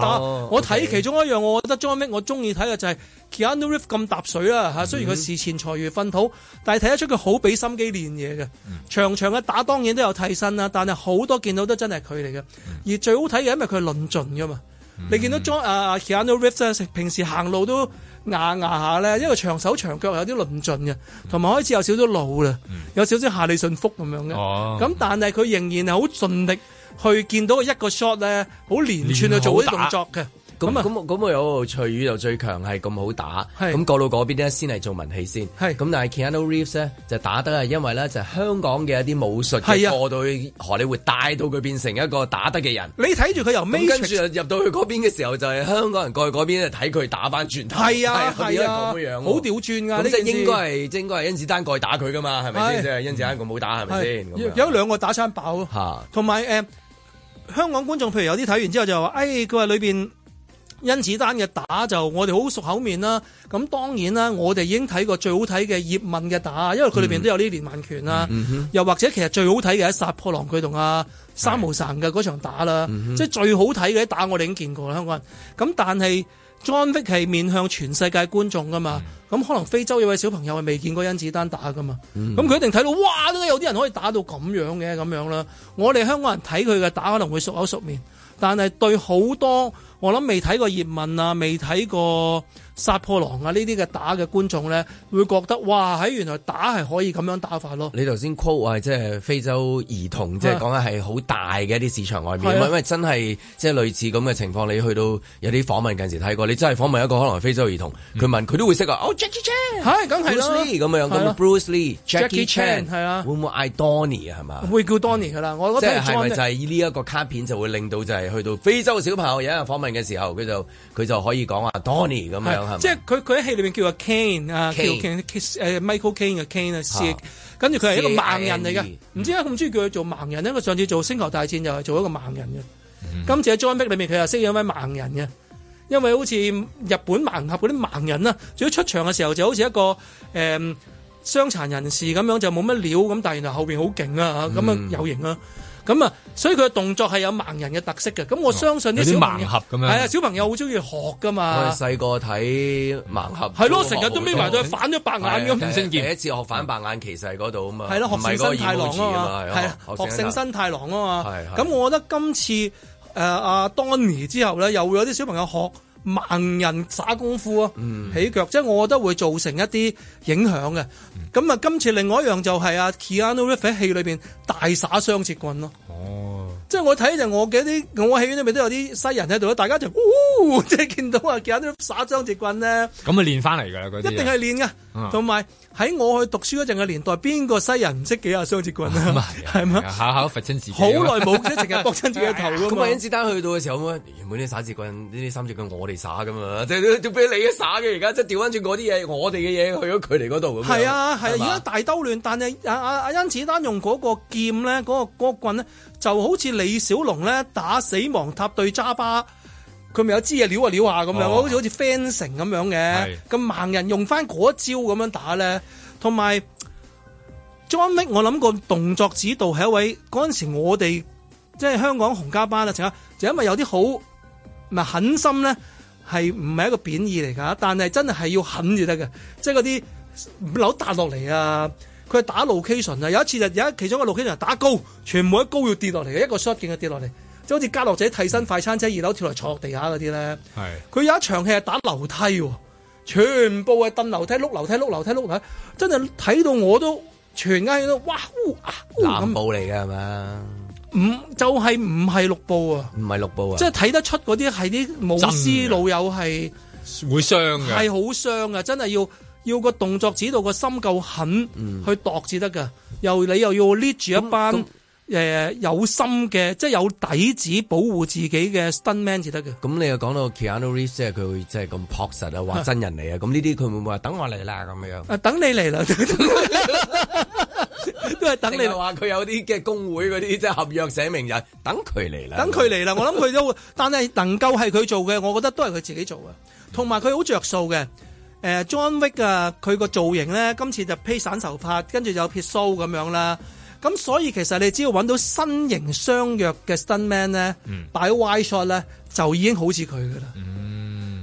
打。我睇其中一樣，我覺得 John Wick 我中意睇嘅就係 Keanu Reeves 咁踏水啦吓。雖然佢事前財如糞土，但係睇得出佢好俾心機練嘢嘅。長長嘅打當然都有替身啦，但係好多見到都真係佢嚟嘅。而最好睇嘅，因為佢論盡噶嘛。嗯、你見到 John 啊啊，Keanu Reeves 咧，平時行路都牙牙下咧，因為長手長腳有啲論盡嘅，同埋開始有少少老啦，嗯、有少少下力順福咁樣嘅。哦，咁但係佢仍然係好盡力去見到一個 shot 咧，好連串去做啲動作嘅。咁咁咁，我有翠羽就最強，係咁好打。咁過到嗰邊咧，先係做文戲先。咁但係 Keanu Reeves 咧，就打得係因為咧，就香港嘅一啲武術嘅過到去荷里活，帶到佢變成一個打得嘅人。你睇住佢由尾，跟住入到去嗰邊嘅時候，就係香港人過去嗰邊就睇佢打返轉頭。係啊係啊，好刁鑽噶呢啲。應該係應該係甄子丹過去打佢噶嘛？係咪先即係甄子丹過冇打係咪先？有兩個打餐爆，同埋誒香港觀眾，譬如有啲睇完之後就話：，誒，佢話裏邊。甄子丹嘅打就我哋好熟口面啦。咁當然啦，我哋已經睇過最好睇嘅葉問嘅打，因為佢裏邊都有呢啲連環拳啦。又或者其實最好睇嘅喺《殺破狼》，佢同阿三毛神嘅嗰場打啦，即係最好睇嘅打我哋已經見過啦，香港人。咁但係，John Wick 係面向全世界觀眾噶嘛？咁可能非洲有位小朋友係未見過甄子丹打噶嘛？咁佢一定睇到哇！有啲人可以打到咁樣嘅咁樣啦。我哋香港人睇佢嘅打可能會熟口熟面，但係對好多。我諗未睇過葉問啊，未睇過殺破狼啊呢啲嘅打嘅觀眾咧，會覺得哇喺原來打係可以咁樣打法咯。你頭先 quote 啊，即係非洲兒童，即係講緊係好大嘅一啲市場外面，因為真係即係類似咁嘅情況。你去到有啲訪問，近時睇過，你真係訪問一個可能非洲兒童，佢問佢都會識啊。哦，Jackie Chan，係，梗係啦 Bruce Lee 咁樣，咁 Bruce Lee，Jackie Chan，係啊，會唔會嗌 Donny 啊？係嘛，會叫 Donny 噶啦，我覺得，係咪就係呢一個卡片就會令到就係去到非洲嘅小朋友有人訪問？嘅時候，佢就佢就可以講話 Donnie 咁樣，即係佢佢喺戲裏面叫阿 Cain 啊，Michael Caine 嘅 Cain 啊，oh, 是跟住佢係一個盲人嚟嘅。唔、e. 知點解咁中意叫佢做盲人咧？佢上次做《星球大戰》又係做一個盲人嘅，mm. 今次喺《John Wick》裏面佢又飾咗一位盲人嘅，因為好似日本盲俠嗰啲盲人啊，只要出場嘅時候就好似一個誒傷、嗯、殘人士咁樣，就冇乜料咁，但係原來後邊好勁啊，咁樣有型啊！Mm. 咁啊、嗯，所以佢嘅動作係有盲人嘅特色嘅。咁我相信啲盲盒，朋友，係啊，小朋友好中意學噶嘛。我係細個睇盲俠，係咯，成日都瞇埋對反咗白眼咁。的星第一次學反白眼其實嗰度啊嘛，係咯的，學勝新太郎啊啊，學勝新太郎啊嘛。咁我覺得今次誒阿 Donny 之後咧，又會有啲小朋友學。盲人耍功夫啊，起腳、嗯、即係我覺得會造成一啲影響嘅。咁啊、嗯，今次另外一樣就係啊，Keanu Reeves 喺戲裏邊大耍雙截棍咯。哦，即係我睇就我嘅啲，我戲院裏邊都有啲西人喺度啦，大家就，哦、即係見到啊，Keanu Reeves 耍雙截棍咧。咁啊，練翻嚟㗎啦，嗰啲一定係練㗎，同埋、嗯。喺我去讀書嗰陣嘅年代，邊個西人唔識幾下雙截棍 啊？係嘛嗎，考考佛親自己。好耐冇即係成日搏親自己，自己頭咁，咪甄子丹去到嘅時候，原本啲耍截棍呢啲三截棍，我哋、啊、耍噶嘛，即係俾你嘅耍嘅。而家即係調翻轉嗰啲嘢， 我哋嘅嘢去咗佢哋嗰度咁。係啊，係而家大兜亂。但係阿阿阿甄子丹用嗰個劍咧，嗰、嗰個嗰、嗰個、棍咧，就好似李小龍咧打死亡塔對扎巴。佢咪有支嘢撩啊撩下咁樣，好似好似 fencing 咁樣嘅。咁是盲人用翻嗰招咁樣打咧，同埋 Joey 我諗個動作指導係一位，嗰陣時我哋即係香港洪家班啊，就因為有啲好唔係狠心咧，係唔係一個貶義嚟噶？但係真係要狠至得嘅，即係嗰啲樓彈落嚟啊！佢係打 location 啊，有一次就有一其中一個 location 打高，全部一高要跌落嚟嘅，一個 shot 見佢跌落嚟。就好似《家樂仔替身快餐車》二樓跳嚟坐落地下嗰啲咧，佢係有一場戲係打樓梯，全部係凳樓梯、碌樓梯、碌樓梯、碌樓梯，真係睇到我都全家人都哇呼啊！冷舞嚟嘅係咪唔就係唔係六布啊？唔係六布啊！即係睇得出嗰啲係啲武師老友係會傷嘅，係好傷啊！真係要要個動作指導個心夠狠去度至得㗎，嗯、又你又要 lead 住一班、嗯。嗯誒有心嘅，即係有底子保護自己嘅 stuntman 至得嘅。咁你又講到 Keanu Reeves，即係佢即係咁樸實啊，話真人嚟啊。咁呢啲佢會唔會話等我嚟啦？咁樣啊，等你嚟啦， 都係等你話佢有啲嘅工會嗰啲即係合約寫名人，等佢嚟啦。等佢嚟啦，我諗佢都， 但係能夠係佢做嘅，我覺得都係佢自己做嘅。同埋佢好着數嘅。誒、呃，John Wick 啊，佢個造型咧，今次就披散頭髮，跟住就有撇須咁樣啦。咁所以其實你只要揾到身形相若嘅 stunt man 咧，擺 Y shot 咧，Sh ot, 就已經好似佢噶啦。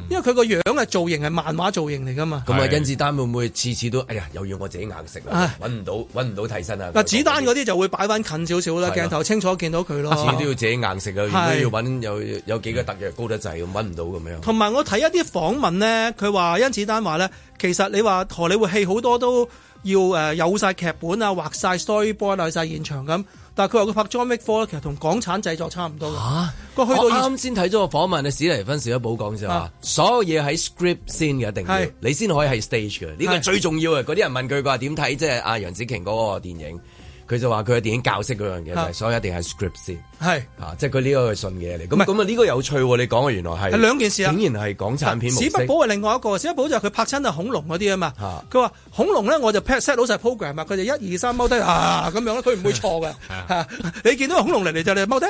因為佢個樣嘅造型係漫畫造型嚟噶嘛。咁啊、嗯，甄子丹會唔會次次都哎呀又要我自己硬食啦？揾唔、哎、到揾唔到替身啊！嗱，子丹嗰啲就會擺翻近少少啦，鏡頭清楚見到佢咯。次次都要自己硬食啊！如果要揾有有幾個特約高得滯，揾唔到咁樣。同埋我睇一啲訪問咧，佢話甄子丹話咧，其實你話荷里活戲好多都。要誒有晒劇本啊，畫晒 storyboard，去晒現場咁。但係佢話佢拍《John Wick 4》咧，其實同港產製作差唔多佢、啊、去到啱先睇咗個訪問，阿、啊、史提芬少一保講就話，所有嘢喺 script 先嘅，一定要是你先可以係 stage 嘅，呢個最重要嘅。嗰啲是人問佢，佢話點睇，即係阿楊紫瓊嗰個電影，佢就話佢嘅電影教識嗰樣嘢，所以一定係 script 先。係啊，即係佢呢個係信嘅嘢嚟。咁咁啊，呢個有趣喎！你講嘅原來係，係兩件事啊，竟然係港產片模式。史匹堡係另外一個，史匹堡就佢拍親啊恐龍嗰啲啊嘛。佢話恐龍咧，我就 set 好晒 program 啊，佢就一二三踎低啊咁樣咯，佢唔會錯嘅。你見到恐龍嚟嚟就踎低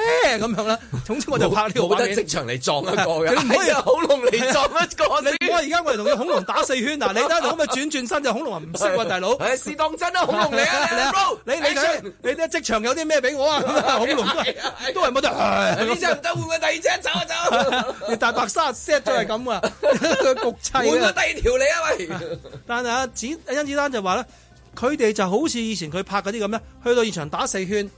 咁樣啦。總之我就拍呢個畫面。冇得即場嚟撞一個嘅，佢係恐龍嚟撞一個。你我而家我嚟同隻恐龍打四圈嗱，你睇下，可唔可以轉轉身？就恐龍又唔識喎，大佬。是當真啊，恐龍嚟啊，你啊，你你你即場有啲咩俾我啊？恐龍嚟啊！都係冇得，呢隻唔得，換個第二隻、 啊，走啊走！你大白沙 set 咗係咁啊，焗砌啊！換咗第二條你啊喂！但係啊，甄甄子丹就話咧，佢哋就好似以前佢拍嗰啲咁咧，去到現場打四圈，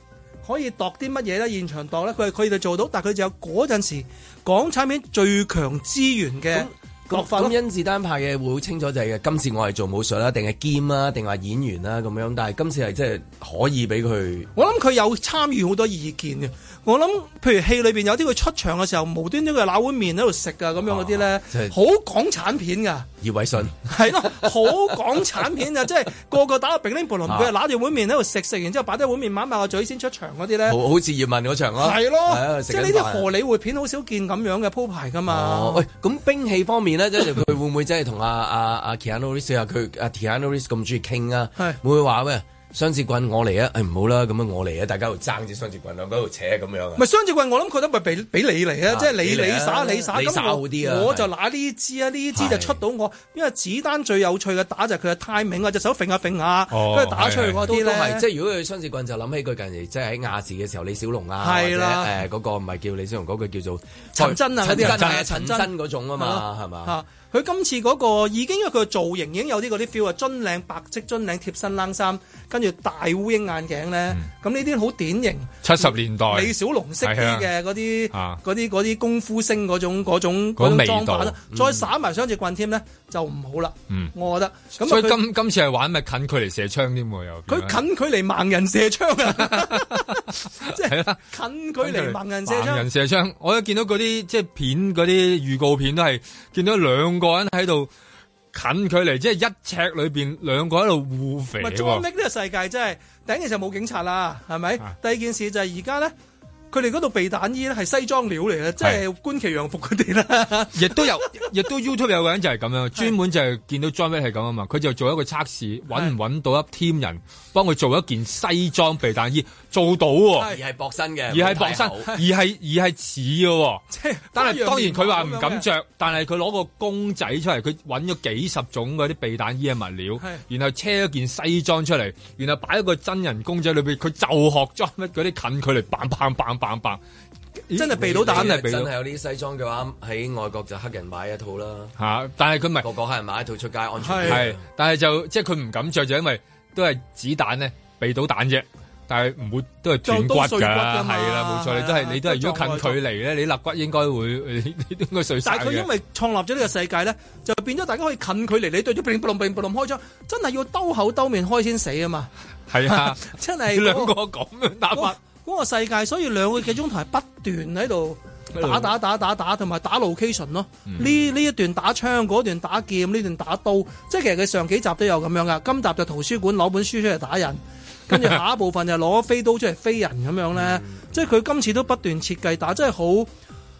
可以度啲乜嘢咧？現場度咧，佢佢哋做到，但係佢就有嗰陣時港產片最強資源嘅落粉。甄子丹拍嘅會好清楚就係，是，今次我係做武術啦，定係兼啦，定係演員啦咁樣。但係今次係即係可以俾佢。我諗佢有參與好多意見嘅。我諗，譬如戲裏邊有啲佢出場嘅時候，無端端佢拿碗麵喺度食啊，咁樣嗰啲咧，好港產片噶。葉偉信係咯，好港產片啊，即係個個打到乒呤乓啷，佢又拿住碗麵喺度食，食完之後擺低碗麵抹埋個嘴先出場嗰啲咧，好似葉問嗰場咯。係咯，即係呢啲荷里活片好少見咁樣嘅鋪排噶嘛。喂，咁兵器方面咧，即係佢會唔會真係同阿阿阿奇洛李維斯啊，佢阿奇洛李維斯咁中意傾啊，會唔會話咩？雙節棍我嚟啊！唔好啦，咁樣我嚟啊！大家度爭住雙節棍，兩個喺度扯咁樣。唔係雙節棍，我諗佢都咪俾俾你嚟啊！即係你你耍你耍，咁我我就拿呢支啊！呢支就出到我，因為子彈最有趣嘅打就係佢嘅 timing 啊！隻手揈下揈下，跟住打出去嗰啲咧，即係如果佢雙節棍就諗起佢近期，即係喺亞視嘅時候，李小龍啊，或者誒嗰個唔係叫李小龍嗰句叫做陳真啊，陳真嗰種啊嘛，係嘛？佢今次嗰、嗰個已經因為佢個造型已經有啲嗰啲 feel 啊，樽領白色樽領貼身冷衫，跟住大烏蠅眼鏡咧，咁呢啲好典型七十年代李小龍式嘅嗰啲啲啲功夫星嗰種嗰種裝扮，再灑埋雙截棍添咧就唔好啦。嗯，嗯我覺得。所以今今次係玩咪近距離射槍添喎，又佢近距離盲人射槍啊！ 即係啦，近距離盲人射槍，盲人射槍。我一見到嗰啲即係片，嗰啲預告片都係見到兩個人喺度近距離，即係一尺裏邊兩個喺度互肥。John Wick 呢個世界真係頂其實冇警察啦，係咪？啊、第二件事就係而家咧，佢哋嗰套避彈衣咧係西裝料嚟嘅，即係官旗洋服嗰啲啦。亦 都有，亦都 YouTube 有, you 有個人就係咁樣，專是門就係見到 John Wick 係咁啊嘛。佢就做一個測試，搵唔搵到一 team 人幫佢做一件西裝避彈衣。做到喎，而係薄身嘅，而係薄身，而係而係似嘅。即係但係當然佢話唔敢着。但係佢攞個公仔出嚟，佢揾咗幾十種嗰啲避彈衣嘅物料，然後車一件西裝出嚟，然後擺一個真人公仔裏邊，佢就學裝嗰啲近距離棒棒棒棒棒。a n g b a 真係避到彈嚟。真係有啲西裝嘅話，喺外國就黑人買一套啦。嚇！但係佢唔係個個黑人買一套出街安全。係，但係就即係佢唔敢着，就因為都係子彈呢，避到彈啫。但係唔會都係斷骨噶。係啦，冇錯。你都係你都係如果近距離咧，你肋骨應該會，你應該碎。但係佢因為創立咗呢個世界咧，就變咗大家可以近距離，你對住兵隆兵隆開槍，真係要兜口兜面開先死啊嘛！係啊，真係兩個咁樣打法，嗰個世界，所以兩個幾鐘頭係不斷喺度打打打打打，同埋打 location 咯。呢呢一段打槍，嗰段打劍，呢段打刀，即係其實佢上幾集都有咁樣噶。今集就圖書館攞本書出嚟打人。跟住下一部分就攞飛刀出嚟飛人咁樣咧，即係佢今次都不斷設計打，真係好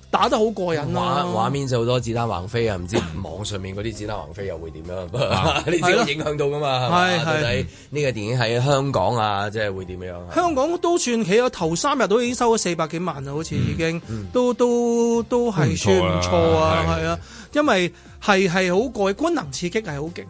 打得好過癮咯。畫畫面就好多子彈橫飛啊！唔知網上面嗰啲子彈橫飛又會點樣？呢啲影響到㗎嘛？係咪？到底呢個電影喺香港啊，即係會點樣？香港都算企，我頭三日都已經收咗四百幾萬啦，好似已經都都都係算唔錯啊！係啊，因為係係好過官能刺激係好勁嘅，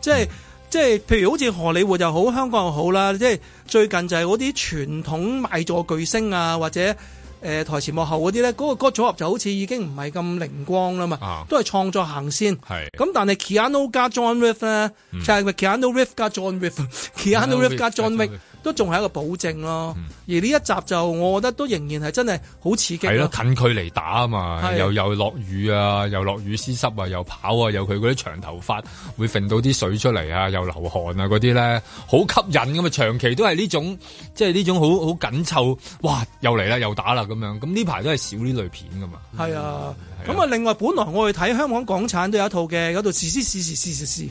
即係。即係譬如好似荷里活又好，香港又好啦。即係最近就係嗰啲傳統賣座巨星啊，或者誒、呃、台前幕後嗰啲咧，嗰、嗰個 g、嗰個、組合就好似已經唔係咁靈光啦嘛。啊、都係創作行先。咁是但係 Keanu 加 John Riff 咧，就係、嗯、Keanu Riff 加 John Riff、嗯、Keanu Riff 加 John Riff 都仲係一個保證咯，而呢一集就我覺得都仍然係真係好刺激。係咯、啊，近距離打啊嘛，啊又又落雨啊，又落雨濕濕啊，又跑啊，又佢嗰啲長頭髮會揈到啲水出嚟啊，又流汗啊嗰啲咧，好吸引㗎嘛。長期都係呢種即係呢種好好緊湊，哇！又嚟啦，又打啦咁樣，咁呢排都係少呢類片噶嘛。係啊，咁、嗯、啊，啊另外本來我哋睇香港港產都有一套嘅，有套試試試試試試試試《師師師師師師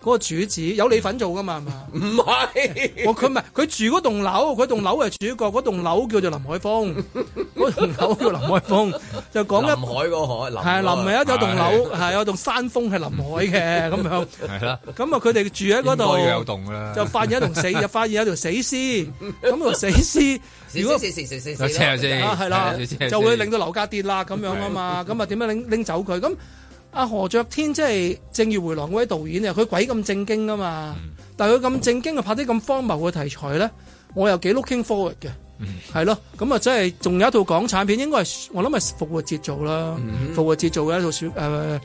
嗰個主子有你份做㗎嘛？唔係，我佢唔係佢住嗰棟樓，佢棟樓係主角，嗰棟樓叫做林海峯，嗰棟樓叫林海峯，就講林海嗰海，係啊林唔係有一棟樓，係有棟山峯係林海嘅咁樣，係啦，咁啊佢哋住喺嗰度，就發現一條死屍，咁條死屍，如果死死死死死，係啦，就會令到樓價跌啦咁樣啊嘛，咁啊點樣拎拎走佢咁？阿何爵天即係正義回廊嗰位導演啊，佢鬼咁正經啊嘛，嗯、但係佢咁正經啊，哦、拍啲咁荒謬嘅題材咧，我又幾 looking forward 嘅，係咯、嗯，咁啊真係仲有一套港產片，應該係我諗係復活節做啦，嗯、復活節做嘅一套誒嘅、呃、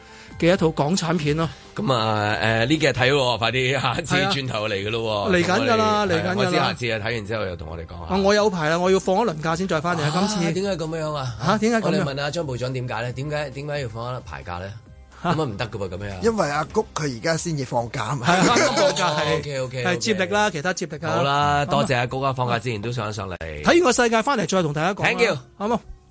一套港產片咯。咁啊誒呢幾日睇喎，快啲下次轉頭嚟嘅咯，嚟緊㗎啦，嚟緊、啊啊。我下次睇完之後又同我哋講下、啊。我有排啊，我要放一輪假先再翻嚟今次。點解咁樣啊？嚇、啊，點解咁樣？我哋問下張部長點解咧？點解點解要放一排假咧？咁啊唔得噶喎，咁樣。因為阿谷佢而家先至放假啊，OK，OK，係接力啦，其他接力好啦吧，嗯、多謝阿谷啊，放假之前都上一上嚟。睇完個世界翻嚟再同大家講啦，好冇？Thank you.、啊。